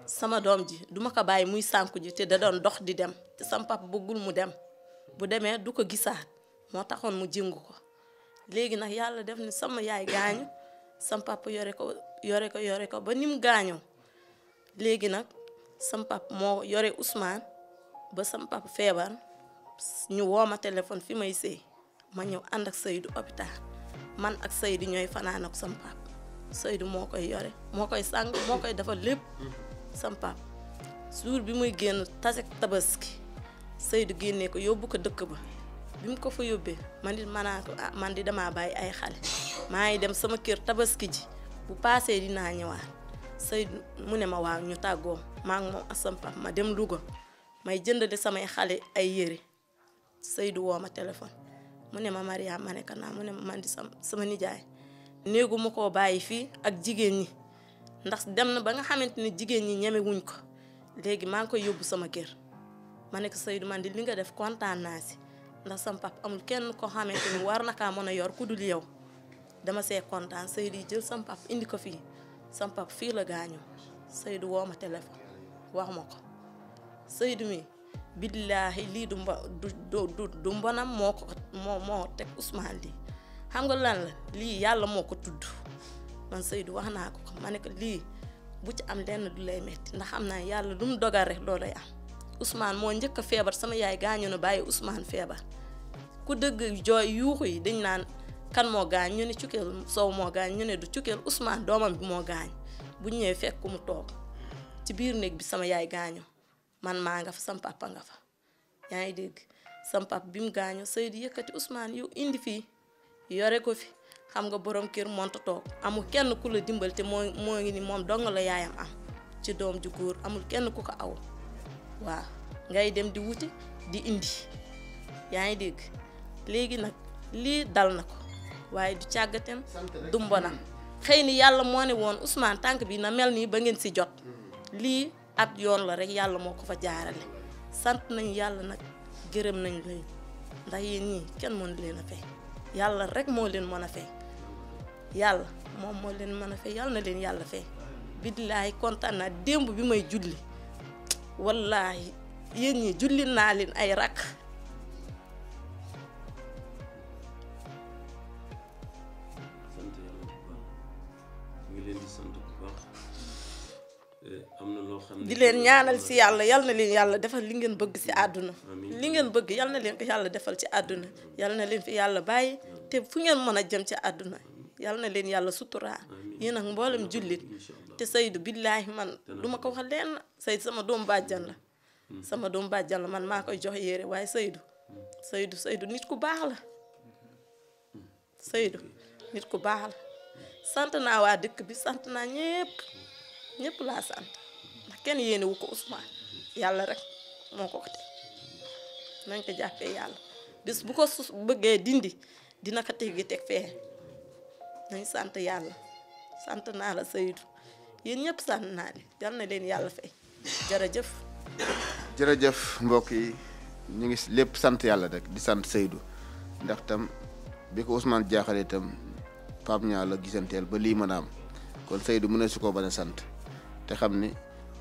sama doom ji duma ko bàyyi muy sànku ji te da doon dox di dem te sama papa bëggul mu dem bu demee du ko gisaat moo taxoon mu jëngu ko léegi nag yàlla def ni sama yaay gaañu sama papa yore ko yore ko yore ko ba ni mu gaañoo léegi nag sama papa moo yore Ousmane ba sama papa feebar ñu woo ma téléphone fi may sëy ma ñëw ànd ak Seydou hôpital. man ak Seydou ñooy fanaan ak sam pap moo koy yore moo koy sàng moo koy defal lépp sam suur bi muy génn tase tabaski Seydou génnee ko yóbbu ko dëkk ba bi mu ko fa yóbbee man di manaa ah man di damaa bàyyi ay xale maa ngi dem sama kër tabaski ji bu paasee dinaa ñëwaat Seydou mu ne ma waa ñu tàggoo maa ngi moom ak sam ma dem Louga may jëndale samay xale ay yére Seydou woo ma téléphone mu ne ma Mariam ma nekk naa mu ne ma man di sama sama nijaay néegu ma koo bàyyi fii ak jigéen ñi ndax dem na ba nga xamante ne jigéen ñi ñeme ko léegi maa ngi koy yóbbu sama kër ma nekk ko Seydou man di li nga def kontaan naa si ndax sama amul kenn koo xamante ni war na kaa mën a yor ku dul yow dama see kontaan Seydou jël sama indi ko fii sama pap fii la gaañoo Seydou woo ma téléphone ko Seydou mi billaahi lii du mba du du du mbonam moo ko moo moo teg usmaan lii xam nga lan la lii yàlla moo ko tudd man Seydou wax naa ko ko ma ne ko lii bu ci am lenn du lay metti ndax xam naa yàlla du mu dogal rek loolay am Ousmane moo njëkk feebar sama yaay gaañu na bàyyi Ousmane feebar ku dëgg jooy yuuxu yi dañ naan kan moo gaañ ñu ne cukkeel sow moo gaañ ñu ne du cukkeel usmaan doomam bi moo gaañ bu ñëwee fekk mu toog ci biir néeg bi sama yaay gaañu man maa nga fa sam papa nga fa yaa ngi dégg sam bi mu gaañu Seydou yëkkati Ousmane yu indi fii yore ko fi xam nga borom kër monta toog amul kenn ku la dimbal te moo moo ngi ni moom dong la yaayam am ci doom ju góor amul kenn ku ko aw waaw ngay dem di wuti di indi yaa ngi dégg léegi nag lii dal na ko waaye du càggatem du mbonam xëy ni yàlla moo ne woon Ousmane tànk bi na mel nii ba ngeen si jot mm-hmm. lii ab yoon la rek yàlla moo ko fa jaarale sant nañu yàlla nag gërëm nañu leen ndax yéen ñii kenn mën leen a fay yàlla rek moo leen mën a fay yàlla moom moo leen mën a fay yàlla na leen yàlla fay billaay kontaan naa démb bi may julli wallaahi yéen ñi julli naa leen ay rakk di leen ñaanal si yàlla yal na leen yàlla defal li ngeen bëgg si àdduna li ngeen bëgg yal na leen ko yàlla defal ci àdduna yal na leen fi yàlla bàyyi te fu ngeen mën a jëm ci àdduna yal na leen yàlla suturaa yéen ak mboolem jullit te Seydou billaahi man du ma ko wax leen Seydou sama doom bàjjan la hmm. sama doom bàjjan la man maa koy jox yére waaye Seydou hmm. Seydou Seydou nit ku baax la Seydou nit ku baax la hmm. sant na waa dëkk bi sant naa ñépp ñépp laa kenn wu ko Ousmane yàlla rek moo ko ko teg nañ ko jàppee yàlla bis bu ko su bëggee dindi dina ko teggi teg fee nañ sant yàlla sant naa la Seydou yéen ñëpp sant naa ne yal leen yàlla fay jërëjëf. jërëjëf mbokk yi ñu ngi lépp sant yàlla rek di sant saydu ndax tam bi ko Ousmane jaaxale tam Pape Niang la gisanteel ba lii mën a kon Seydou mu ne su ko bañ sant te xam ni.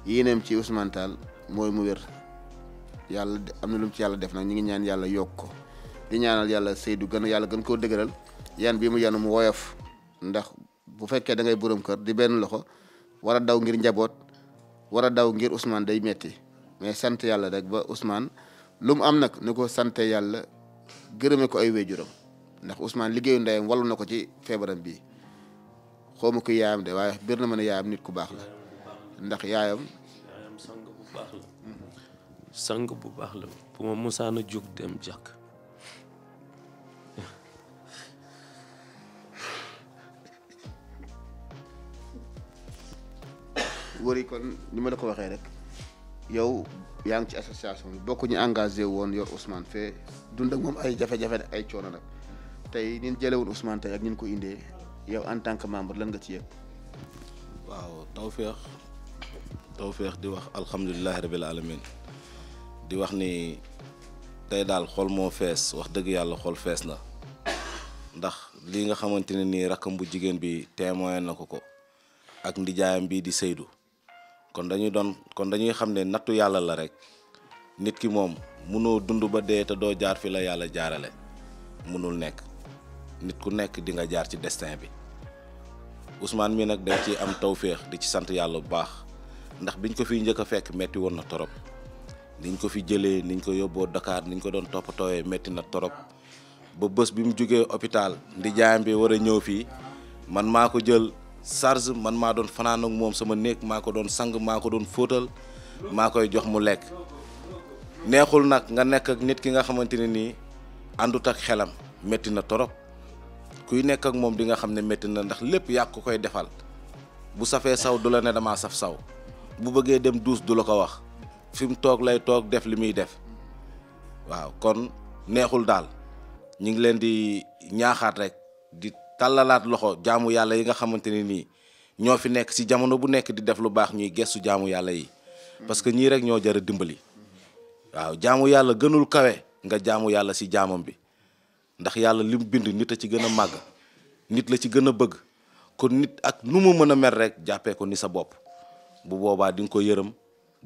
yéeneem ci Ousmane Tall mooy mu wér yàlla am na lu mu ci yàlla def nag ñu ngi ñaan yàlla yokk ko di ñaanal yàlla Seydou gën yàlla gën koo dëgëral yan bii mu yanu mu woyof ndax bu fekkee da ngay borom kër di benn loxo war a daw ngir njaboot war a daw ngir Ousmane day metti mais sant yàlla rek ba Ousmane lu mu am nag ni ko sante yàlla gërëme ko ay wéjuram ndax Ousmane liggéeyu ndeyam wallu na ko ci feebaram bi xaw ma ko yaayam de waaye bir na mën a yaayam nit ku baax la ndax yaayam. yaayam sang bu baax la. sang bu baax la bu ma musaana jóg dem jàkk wëri kon ni ma la ko waxee rek yow yaa ngi ci association bi bokk engagé woon yor Ousmane fee dund ak moom ay jafe-jafe ay coono nag tey ñun jëlewoon Ousmane tey ak ñun ko indee yow en tant que membre lan nga ci yëg. waaw tawfeex tawféex di wax alhamdulilahi rabil alamin di wax ni tey daal xool moo fees wax dëgg yàlla xool fees na ndax lii nga xamante ne nii rakkam bu jigéen bi témoin na ko ko ak ndijaayam bii di Seydou kon dañuy doon kon dañuy xam ne nattu yàlla la rek nit ki moom munoo dund ba dee te doo jaar fi la yàlla jaarale munul nekk nit ku nekk di nga jaar ci destin bi Ousmane mi nag dañ ciy am tawféex di ci sant yàlla bu baax ndax biñ ko fi njëkk a fekk metti woon na torop niñ ko fi jëlee niñ ko yóbboo Dakar niñ ko doon toppatooyee metti na torop ba bës bi mu jógee hôpital ndi jaayam bi war a ñëw fii man maa ko jël charge man maa doon fanaan moom sama néeg maa ko doon sang maa ko doon fóotal maa koy jox mu lekk neexul nag nga nekk ak nit ki nga xamante ne nii àndut ak xelam métti na torop kuy nekk ak moom di nga xam ne métti na ndax lépp yàq ko koy defal bu safee saw du la ne damaa saf saw bu bëggee dem duus du la ko wax fi mu toog lay toog def li muy def waaw kon neexul daal ñu ngi leen di ñaaxaat rek di tàllalaat loxo jaamu yàlla yi nga xamante ne nii ñoo fi nekk si jamono bu nekk di def lu baax ñuy gestu jaamu yàlla yi parce que ñii rek ñoo jar dimbali waaw jaamu yàlla gënul kawe nga jaamu yàlla si jaamam bi ndax yàlla li mu bind nit a ci gën a màgg nit la ci gën a bëgg kon nit ak nu mu mën a mer rek jàppee ko ni sa bopp bu boobaa di nga ko yërëm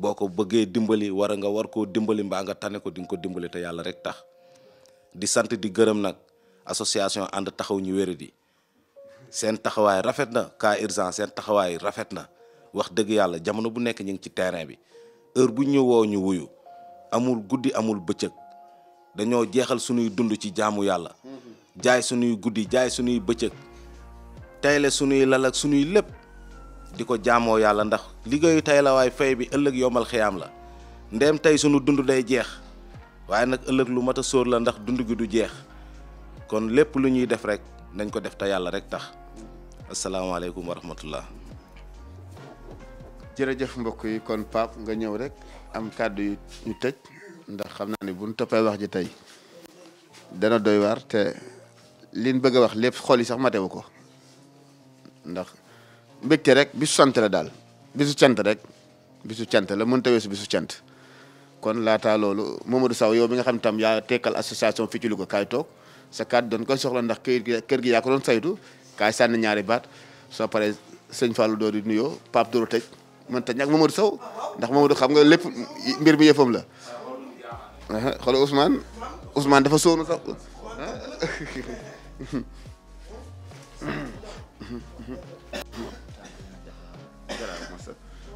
boo ko bëggee dimbali war nga war koo dimbali mbaa nga tane ko dinga ko dimbali te yàlla rek tax di sant di gërëm nag association ànd taxaw ñu wéradi seen taxawaay rafet na cas urgent seen taxawaay rafet na wax dëgg yàlla jamono bu nekk ñu ngi ci terrain bi heure bu ñu woo ñu wuyu amul guddi amul bëccëg dañoo jeexal suñuy dund ci jaamu yàlla mm-hmm. jaay suñuy guddi jaay suñuy bëccëg tayle suñuy lal ak suñuy lépp di ko jaamoo yàlla ndax liggéeyu tey la waaye fay bi ëllëg yombal xiyaam la ndeem tey sunu dund day jeex waaye nag ëllëg lu mat a sóor la ndax dund gi du jeex kon lépp lu ñuy def rek nañ ko def te yàlla rek tax asalaamaaleykum wa rahmatullah jërëjëf mbokk yi kon Pape nga ñëw rek am kàddu yu ñu ndax xam naa ni bu ñu toppee wax ji tey dana doy waar te liñ bëgg wax lépp xool yi sax matewu ko ndax mbégte rek bisu sant la daal bisu sant rek bisu cant la mënta weesu bisu sant kon laataa loolu Mamadou Sow yow mi nga xam ne tam yaa tekkal association fii ci Louga kaay toog sa kàddu doon koy soxla ndax kër gi kër gi yaa ko doon saytu kaay sànni ñaari baat soo paree sëñ Fallou doo di nuyoo Pape Doro tëj mën ta ñàkk Mamadou Sow ndax Mamadou xam nga lépp mbir mi yëfam la xoolal Ousmane Ousmane dafa sóonu sax [laughs]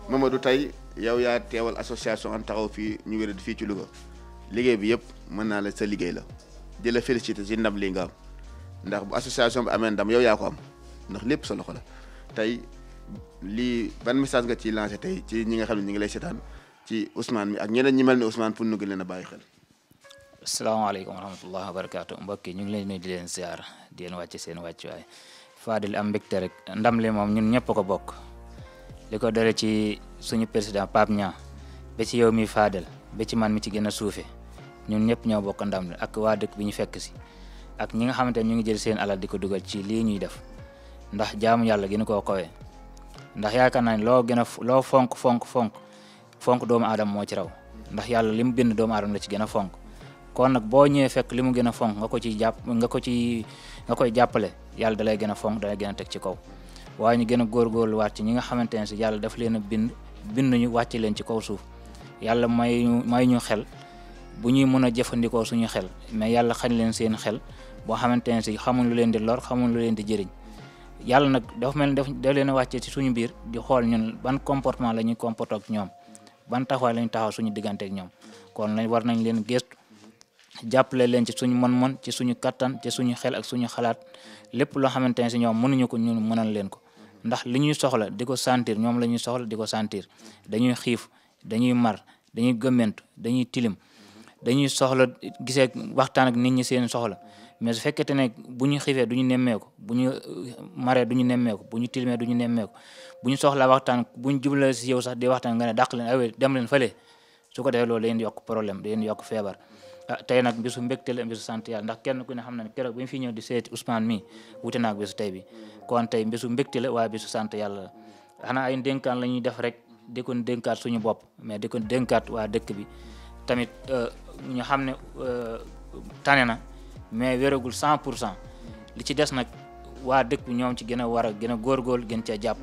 Mamadou tey yow yaa teewal association an taxaw fii ñu wéradi fii ci Louga liggéey bi yëpp mën naa la sa liggéey la di la félicité si ndam lii nga am ndax bu association bi amee ndam yow yaa ko am ndax lépp sa loxo la tey lii ban message nga ci lancé tey ci ñi nga xam ne ñu ngi lay seetaan ci Ousmane mi ak ñeneen ñi mel ni Ousmane pour nu leen a bàyyi xel. asalaamaaleykum wa rahmatullahi wa barakaatu mbokk yi ñu ngi leen nuyu di leen ziar di leen seen wàccuwaay Fadil am mbégte rek ndam li moom ñun ñëpp ko bokk. li ko dale ci suñu président Pape ñaa ba ci yow mi Fadel ba ci man mi ci gën a suufee ñun ñëpp ñoo bokk ndam la ak waa dëkk bi ñu fekk si ak ñi nga xamante ne ñu ngi jël seen alal di ko dugal ci lii ñuy def ndax jaamu yàlla gën koo kawee ndax yaakaar naa loo gën a loo fonk fonk fonk fonk doomu aadama moo ci raw ndax yàlla li mu bind doomu aadama la ci gën a fonk kon nag boo ñëwee fekk li mu gën a fonk nga ko ci jàpp nga ko ci nga koy jàppale yàlla dalay gën a fonk dalay gën teg ci kaw waaye ñu gën a góor góorgóorluwaat ci ñi nga xamante ne si yàlla def leen a bind bind ñu wàcc leen ci kaw suuf yàlla may ñu may ñu xel bu ñuy mën a jëfandikoo suñu xel mais yàlla xañ leen seen xel boo xamante ne si xamuñ lu leen di lor xamuñ lu leen di jëriñ yàlla nag dafa mel ni daf leen a wàccee ci suñu biir di xool ñun ban comportement la ñuy comporté ak ñoom ban tax la ñu taxaw suñu diggante ñoom kon lañ war nañ leen gëstu jàppale leen ci suñu mën-mën ci suñu kattan ci suñu xel ak suñu xalaat lépp loo xamante ne si ñoom mënuñu ko ñun mënal leen ko ndax li ñuy soxla di ko sentir ñoom la ñuy soxla di ko santir dañuy xiif dañuy mar dañuy gëmmentu dañuy tilim dañuy soxla gisee waxtaan ak nit ñi seen soxla mais su fekkente ne bu ñu xiifee du ñu nemmeeku bu ñu euh, maree du ñu nemmeeku bu ñu tilimee du ñu nemmeeku bu ñu soxlaa waxtaan bu ñu jubla si yow sax di waxtaan nga ne dàq leen awe dem leen fële su ko defee loolu da leen yokk problème da leen di yokk feebar Ah, tey nag bisu mbégte la bisu sant yàlla ndax kenn ku ne xam na ne keroog bi ñu fi ñëw di seeti Ousmane mi wute tey bi kon tey bisu mbégte la waaye bisu sant yàlla xanaa ay dénkaan la ñuy def rek di dénkaat suñu bopp mais di ko waa dëkk bi tamit ah, ñu xam ne ah, tane na mais wéragul cent pour cent li ci des nag waa dëkk bi ci gën a war a gën a góorgóorlu gën cee jàpp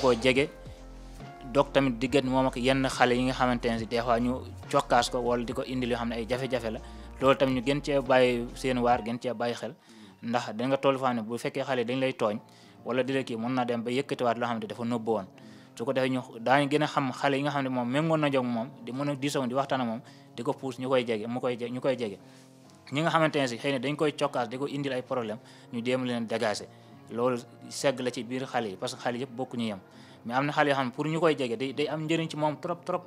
ko jege dog tamit di diggante moom ak yenn xale yi nga xamante ne si des fois ñu cokkaas ko wala di ko indil yoo xam ne ay jafe-jafe la loolu tamit ñu gën cee bàyyi seen waar gën cee bàyyi xel ndax da nga toll faa ne bu fekkee xale dañ lay tooñ wala di la mën na dem ba yëkkatiwaat loo xam ne dafa nëbbu woon su ko defee ñu gën a xam xale yi nga xam ne moom méngoon na jóg moom di mën a diisoo di waxtaan ak di ko puus ñu koy jege mu koy ñu koy jege ñi nga xamante ne si xëy na dañ koy cokkaas di ko indil ay problème ñu jéem leen dégager loolu segg la ci biir xale yi parce que xale yëpp bokku ñu yem mais am na xale yoo xam ne pour ñu koy jege day day am njëriñ ci moom trop trop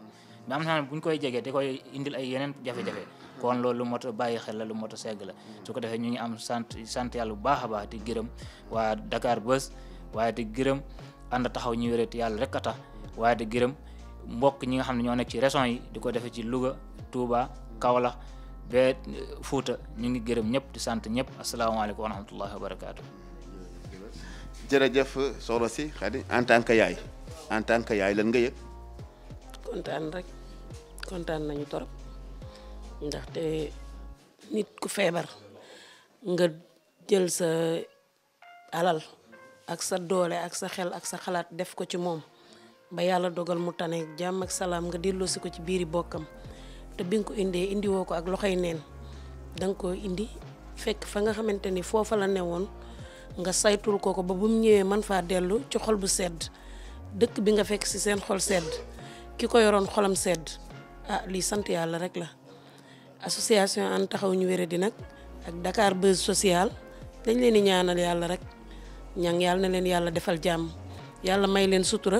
mais am na xam ne bu ñu koy jege da koy indil ay yeneen jafe-jafe kon loolu lu moto a bàyyi xel la lu moto a segg la su ko defee ñu ngi am sant sant yàlla bu baax a baax di gërëm waa Dakar Buzz waaye di gërëm ànd taxaw ñu wéret yàlla rek a tax di gërëm mbokk ñi nga xam ne ñoo nekk ci région yi di ko defee ci Louga Touba Kaolack ba Fouta ñu ngi gërëm ñëpp di sant ñëpp asalaamaaleykum wa rahmatullahi wa barakaatu. jërëjëf soxna en tant que yaay en tant que yaay lan nga yëg. kontaan rek kontaan nañu torop ndaxte nit ku feebar nga jël sa alal ak sa doole ak sa xel ak sa xalaat def ko ci moom ba yàlla dogal mu tane jàmm ak salaam nga delloosi ko ci biir biiri bokkam te bi nga ko indee indiwoo ko ak loxoy neen da nga ko indi fekk fa nga xamante ni foofa la newoon. nga saytul ko ko ba bu ñëwee man faa dellu ci xol bu sedd dëkk bi nga fekk si seen xol sedd ki ko yoroon xolam sedd ah lii sant yàlla rek la association Ànd Taxawu ñu Wéradi nag ak Dakar Buzz Social dañ leen di ñaanal yàlla rek ñang yàlla na leen yàlla defal jàmm yàlla may leen sutura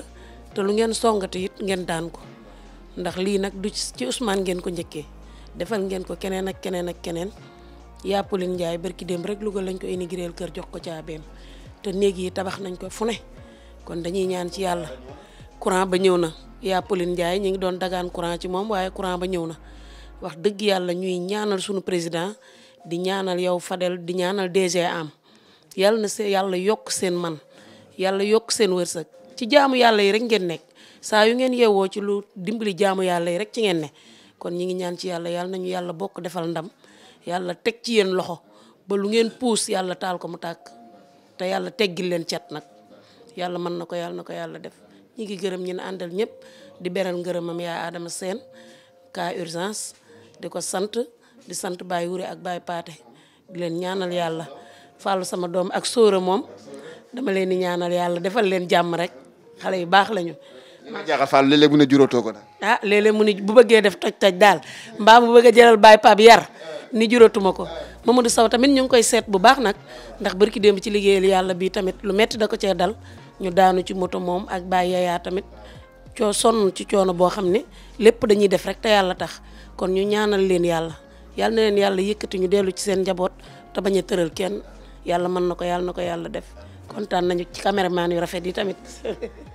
te lu ngeen songati it ngeen daan ko ndax lii nag du ci Ousmane ngeen ko njëkkee defal ngeen ko keneen ak keneen ak keneen yaa Pauline njaay barki démb rek Louga lañ ko inaugurer kër jox ko caabeem te néeg yi tabax nañ ko fu ne kon dañuy ñaan ci yàlla courant ba ñëw na yaa Pauline Ndiaye ñu ngi doon dagaan courant ci moom waaye courant ba ñëw na wax dëgg yàlla ñuy ñaanal sunu président di ñaanal yow Fadel di ñaanal DG am yàlla na see yàlla yokk seen man yàlla yokk seen wërsëg ci jaamu yàlla yi rek ngeen nekk saa yu ngeen yeewoo ci lu dimbali jaamu yàlla yi rek ci ngeen ne kon ñi ngi ñaan ci yàlla yàlla nañu yàlla bokk defal ndam yàlla teg ci yéen loxo ba lu ngeen puus yàlla taal ko mu tàkk te yàlla teggil leen cat nag yàlla mën na ko yàlla na ko yàlla def ñi ngi gërëm ñi ne àndal ñëpp di beral ngërëm yaa Adama seen cas urgence di ko sant di sant baay Wuri ak baay Paate di leen ñaanal yàlla fàllu sama doom ak sóora moom dama leen di ñaanal yàlla defal leen jàmm rek xale yu baax lañu ma jaaxal Fall léeg mu ne juróotoo ko daal ah mu ne bu bëggee def toj-toj daal mbaa a jëlal Baye ni juratuma ko Mamadou Sow tamit ñu ngi koy seet bu baax nag ndax barki démb ci liggéeyal yàlla bi tamit lu metti da ko cee dal ñu daanu ci moto moom ak Baye Yaya tamit coo sonn ci coono boo xam ne lépp dañuy def rek te yàlla tax kon ñu ñaanal leen yàlla yàlla na leen yàlla yëkkati ñu dellu ci seen njaboot te bañ a tëral kenn yàlla mën na ko yàlla na ko yàlla def kontaan nañu ci caméraman yu rafet yi tamit [laughs]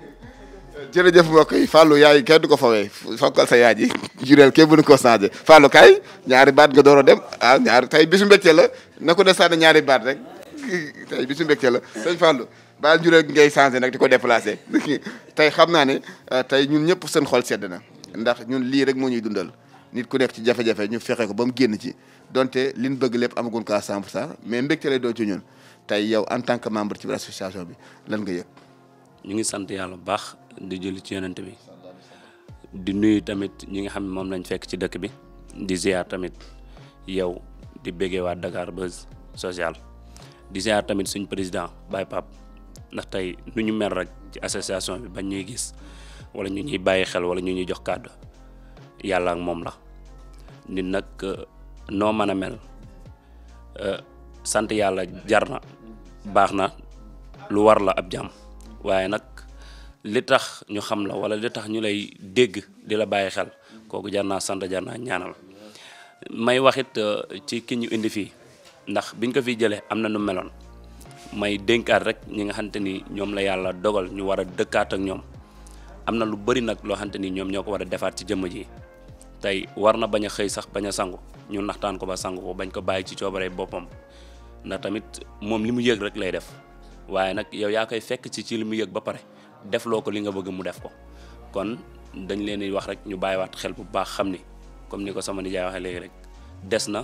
jërëjëf mbokk yi Fallou yaay kenn du ko fawee fonkal sa yaay ji jureel kenn mënu ko changé Fallou kay ñaari baat nga door a dem ah ñaari tey bisu mbégte la na ko def sànni baat rek [laughs] tey bisu la sëñ baal jureel ngay changé nag di ko déplacé [laughs] tey xam naa ne ah, tey ñun ñëpp seen xool sedd na ndax ñun lii rek moo ñuy dundal nit ku nekk ci jafe-jafe ñu fexe ko ba mu génn ci donte li ñu bëgg lépp amaguñ ka à sax mais mbégte lay doon ci ñun tey yow en tant que membre ci biir association bi lan nga yëg ñu ngi sant yàlla bu baax di julli ci yonent bi di nuyu tamit ñu nga xam ne moom lañ fekk ci dëkk bi di ziar tamit yow di béggee waa Dakar Buzz social di ziar tamit suñ président Baye Pape ndax tey nu ñu mer rek ci association bi bañ ñuy gis wala ñu ñuy bàyyi xel wala ñu ñuy jox kàddu yàlla ak moom la nit nag euh, noo mën a mel euh, sant yàlla jar na baax na lu war la ab jàmm waaye nag li tax ñu xam la wala li tax ñu lay dégg di la bàyyi xel kooku jar naa sant jar naa ñaanal may waxit euh, ci ki ñu indi fii ndax biñ ko fi jëlee am na nu meloon may dénkaat rek ñi nga xamante ni ñoom la yàlla dogal ñu war a dëkkaat ak ñoom am na lu bëri nag loo xante ni ñoom ñoo ko war a defaat ci jëmm ji tey war na bañ a xëy sax bañ a sangu ñu naxtaan ko ba sangu bañ ko bàyyi ci coobaree boppam ndax tamit moom li mu yëg rek lay def. waaye nag yow yaa koy fekk ci ci li mu yëg ba pare def loo ko li nga bëgg mu def ko kon dañ leen di wax rek ñu bàyyiwaat xel bu baax xam ni comme ni ko sama nijaay waxee léegi rek des na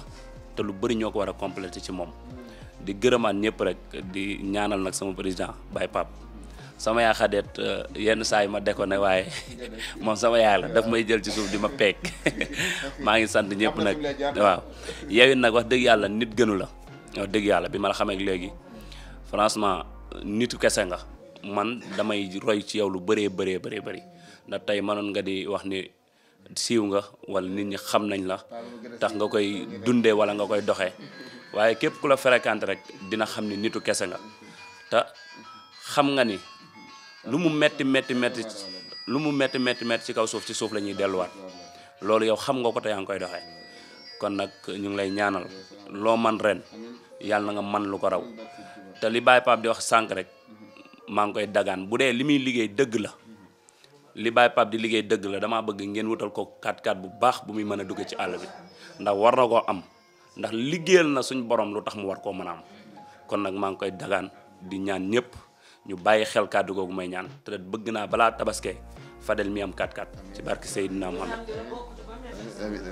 te lu bëri ñoo ko war a complété ci moom di gërëmaat ñëpp rek ñaanal nag sama président Baye Pape sama yaa xadeet euh, yenn saa yi ma de ko ne waaye [laughs] moom sama yaay la daf may jël ci suuf di ma peeg [laughs] maa ngi sant ñëpp nag waaw yow nag wax dëgg yàlla nit gënu la wax dëgg yàlla bi ma la xamee léegi franchement nitu kese nga man damay roy ci yow lu bëree bëree bëree bëri ndax tey mënoon nga di wax ni siiw nga wala nit ñi xam nañ la tax nga koy dundee wala nga koy doxee waaye képp ku la fréquente rek dina xam ni nitu kese nga te xam nga ni lu mu metti metti metti lu mu metti metti ci kaw suuf ci suuf la ñuy delluwaat loolu yow xam nga ko te yaa ngi koy doxe kon nag ñu ngi lay ñaanal loo man ren yàlla na nga man lu ko raw te li Baye Pape di wax sànq rek maa ngi koy dagaan bu dee li muy liggéey dëgg la li Baye Pape di liggéey dëgg la damaa bëgg ngeen wutal ko 4x4 bu baax bu muy mën a dugg ci àll bi ndax war na koo am ndax liggéeyal na suñ borom lu tax mu war koo mën a am kon nag maa ngi koy dagaan di ñaan ñëpp ñu bàyyi xel kàddu googu may ñaan te bëgg naa balaa tabaske Fadel mi am 4x4 ci barke Seydina Mohamed. amiin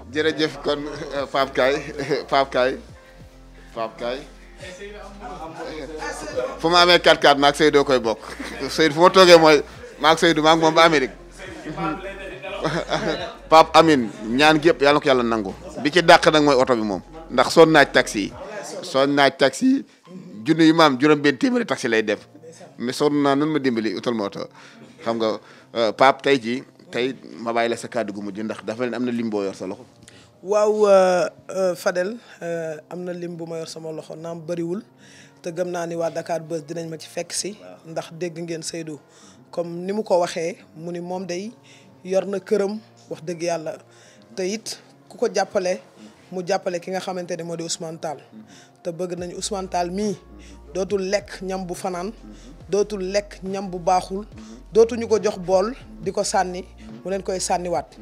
amiin jërëjëf kon Pape Kaye Pape Kaye fu ma amee 4-4 maag Seydou koy bokk Seydou fu ma toogee mooy maag Seydou maag moom ba Amérique [laughs] Pape Amine ñaan gépp yàlla na ko yàlla nangu bi ci dàq nag mooy oto bi moom ndax soon naaj taxi yi son naaj taxi yi junni yu maam juróom-benn téeméeri taxi lay def mais sonn naa nan ma dimbali utal ma oto xam nga euh, Pape tey jii tey ma bàyyi la sa kàddu gu mujj ndax dafa leen am na lim boo sa loxo. waaw euh, euh, Fadel euh, am na lim bu ma yor sama loxo naam bariwul te gëm naa ni waa dakaar Buzz dinañ ma ci fekk si ndax dégg ngeen Seydou comme ni mu ko waxee mu ni moom day yor na këram wax dëgg yàlla te it ku ko jàppale mu jàppale ki nga xamante ne moo di Ousmane te bëgg nañu Ousmane Tall mii dootul lekk ñam bu fanaan dootul lekk ñam bu baaxul dootuñu ko jox bool di ko sànni mu leen koy sànniwaat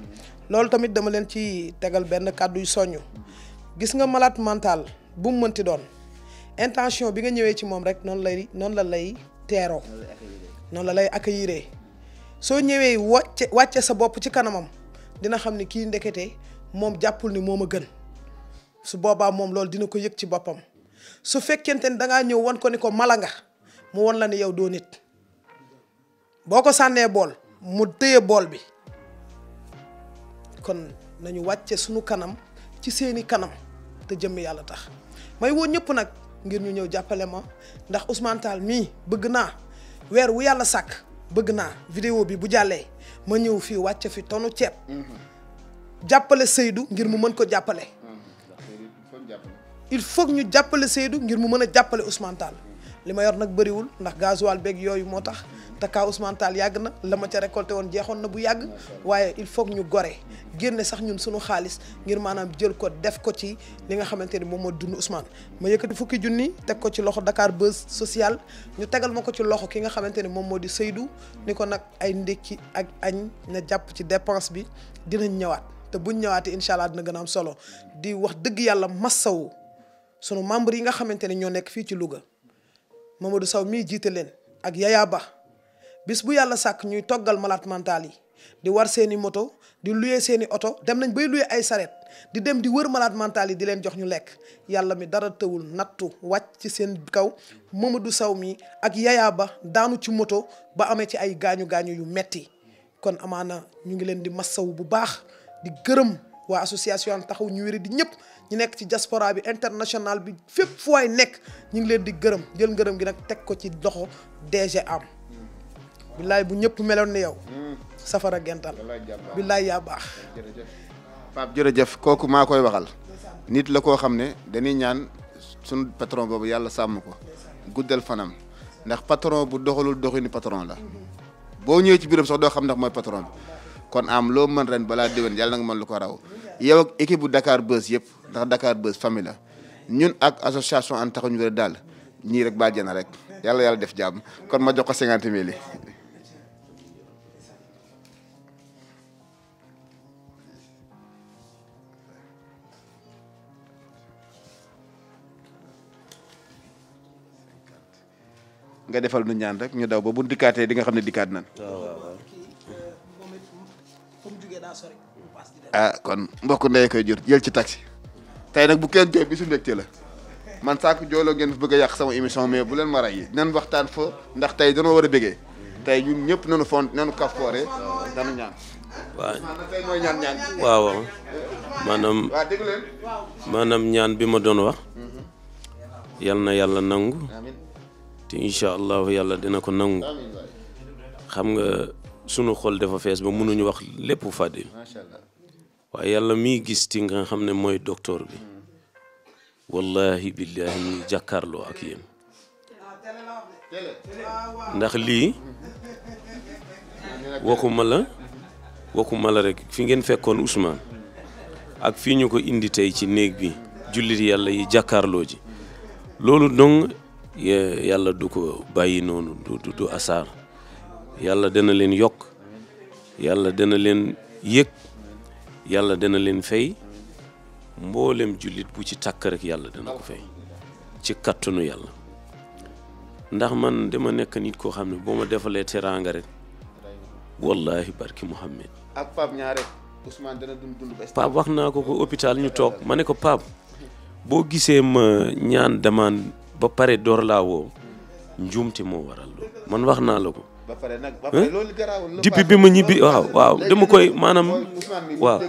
loolu tamit dama leen ci tegal benn kàddu yu soññ gis nga malade mental bu mu mënti doon intention bi nga ñëwee ci moom rek noonu lay noonu la lay teeroo noonu la lay accueillir soo ñëwee wàcce wàcce sa bopp ci kanamam dina xam ni kii ndekete moom jàppul ni moom a gën su boobaa moom loolu dina ko yëg ci boppam su fekkente ni dangaa ñëw wan ko ni ko mala nga mu won la ni yow doo nit boo ko sànnee bool mu téye bool bi kon nañu wàcce suñu kanam ci seeni kanam te jëmm yàlla tax may woo ñëpp nag ngir ñu ñëw jàppale ma ndax Ousmane mii bëgg naa weer wu yàlla sàkk bëgg naa vidéo bi bu jàllee ma ñëw fii wàcce fi tonu ceeb jàppale Seydou ngir mu mën ko jàppale mm-hmm. il faut ñu jàppale Seydou ngir mu mën a jàppale Ousmane li ma yor nag bëriwul ndax gasoil beeg yooyu moo tax te kaa Ousmane yàgg na la ma ca récolté woon jeexoon na bu yàgg waaye il faut ñu gore génne sax ñun suñu xaalis ngir maanaam jël ko def ko ci li nga xamante ni moom moo dund Ousmane ma yëkkati fukki junni teg ko ci loxo Dakar Buzz social ñu tegal ma ko ci loxo ki nga xamante ni moom moo di Seydou ni ko nag ay ndékki ak añ na jàpp ci dépense bi dinañ ñëwaat te buñ ñëwaatee incha allah dina gën a am solo di wax dëgg yàlla massawu sunu membre yi nga xamante ne ñoo nekk fii ci Louga du saw mii jiite leen ak Yaya Ba bis bu yàlla sàkk ñuy toggal malaat mental yi di war seeni moto di luye seeni oto dem nañ bay luye ay saret di dem di wër malaat mental yi di leen jox ñu lekk yàlla mi dara tëwul nattu wàcc ci seen kaw Mamadou saw mi ak Yaya Ba daanu ci moto ba amee ci ay gaañu gaañu yu metti kon amaana ñu ngi leen di massaw bu baax di gërëm waa association taxaw ñu wéri di ñëpp ñu nekk ci jaspora bi international bi fépp fu waay nekk ñu ngi leen di gërëm jël ngërëm gi nag teg ko ci loxo DG am billaay bu ñëpp meloon ni yow safara gental billaay yaa baax Pape jërëjëf kooku maa koy waxal nit la koo xam ne dañuy ñaan sunu patron boobu yàlla sàmm ko guddal fanam ndax patron bu doxalul doxinu patron la boo ci biiram sax doo xam ndax mooy patron kon am loo mën ren balaa déwén yàlla na mën lu ko raw yow ak équipe bu Dakar Buzz yëpp ndax Dakar Buzz famille ñun ak association an taxaw daal ñii rek bàjjee na rek yàlla yàlla def jàmm kon ma jox ko cinquante mille nga defal nu ñaan rek ñu daw ba bu dikkaatee di nga xam ne dikkaat nan euh, ah kon mbokk ndey koy jur jël ci taxi tey nag bu kenn tee bisu mbégte la man saako jooloo ngeen bëgg a yàq sama émission mais bu leen mara rey dinañ waxtaan fa ndax tey danoo war a bégee tey ñun ñëpp nañu font nañu kafoore danu ñaan. waaw tey ñaan maanaam. maanaam ñaan bi ma doon wax. Mhm. yal na yàlla nangu. te incha allah yàlla dina ko nangu. xam nga sunu xol dafa fees ba mënuñu wax lépp fàddi. macha allah waa yàlla miy gis ti nga xam ne mooy docteur bi wallahi billahi muy ak yéen ndax lii waxuma la waxuma la rek fi ngeen fekkoon Ousmane ak fii ñu ko indi tey ci néeg bi jullit yàlla yi jàkkaarloo ji loolu dong yàlla du ko bàyyi noonu du du asaar yàlla dana leen yokk yàlla dana leen yëg yàlla dana leen fay mboolem jullit bu ci takk rek yàlla dana ko fay ci kattanu yàlla ndax man dama nekk nit koo xam ne boo ma defalee teraanga rek wallahi barki Muhammad ak Pape ñaare Ousmane dana dund wax naa ko ko hôpital ñu toog ma ne ko Pape boo gisee ma ñaan demande ba pare door laa woo njuumte moo waral loolu man wax naa la ko ba pare nag bi ma ñibbi waaw waaw dama koy maanaam waaw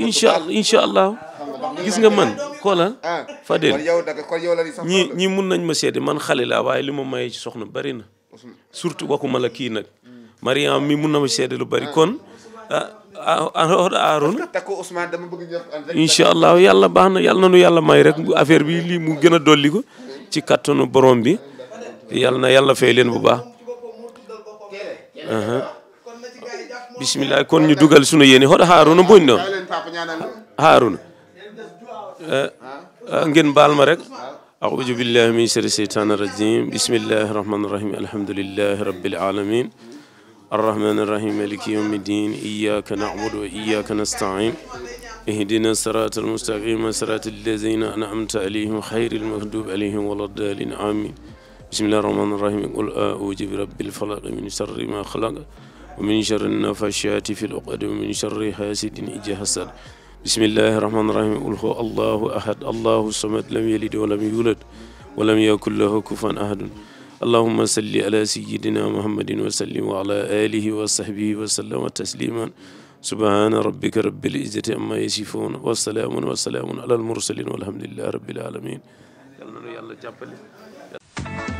incha incha allah gis nga man xoolal ah, Fadel ñi ñi mun nañ ma seede man xale laa waaye li ma maye ci soxna bari na surtout waxuma la kii nag Mariam mi mun na ma seede lu bari ah. kon ah, Aaron incha allah yàlla baax na yàlla na yàlla may rek affaire bi lii mu gën a dolli ko ci kattanu borom bi yàlla na yàlla fay leen bu baax bisimilah kon ñu dugal sunu yéene hoto Haaruna boñ noon Haaruna eh, eh, ngeen baal ma rek aoudu billahi min sharri sheytan irajim bismillahi rahmani irahim din iyaka nacbudu wa iyaka nastain ihdina sirat almustaqima sirat allazina anamta alayhim xayri almahdub alayhim wala dalin amin bismillahi rahmaani rahim qul auzu bi rabbil falaq min sharri ma xalaq wa min sharri nafashaati fil uqad wa min sharri hasidin ija hasad bismillahi rahmaani rahim qul huwa allahu ahad allahu samad lam yalid wa lam yulad wa lam yakun lahu kufuwan ahad allahumma salli ala sayyidina muhammadin wa sallim wa ala alihi wa sahbihi wa sallama tasliman subhaana rabbika rabbil izzati amma yasifuun wa salaamun wa salaamun alal mursaliin walhamdulillahi rabbil aalamiin yàlla na nu yàlla jàppale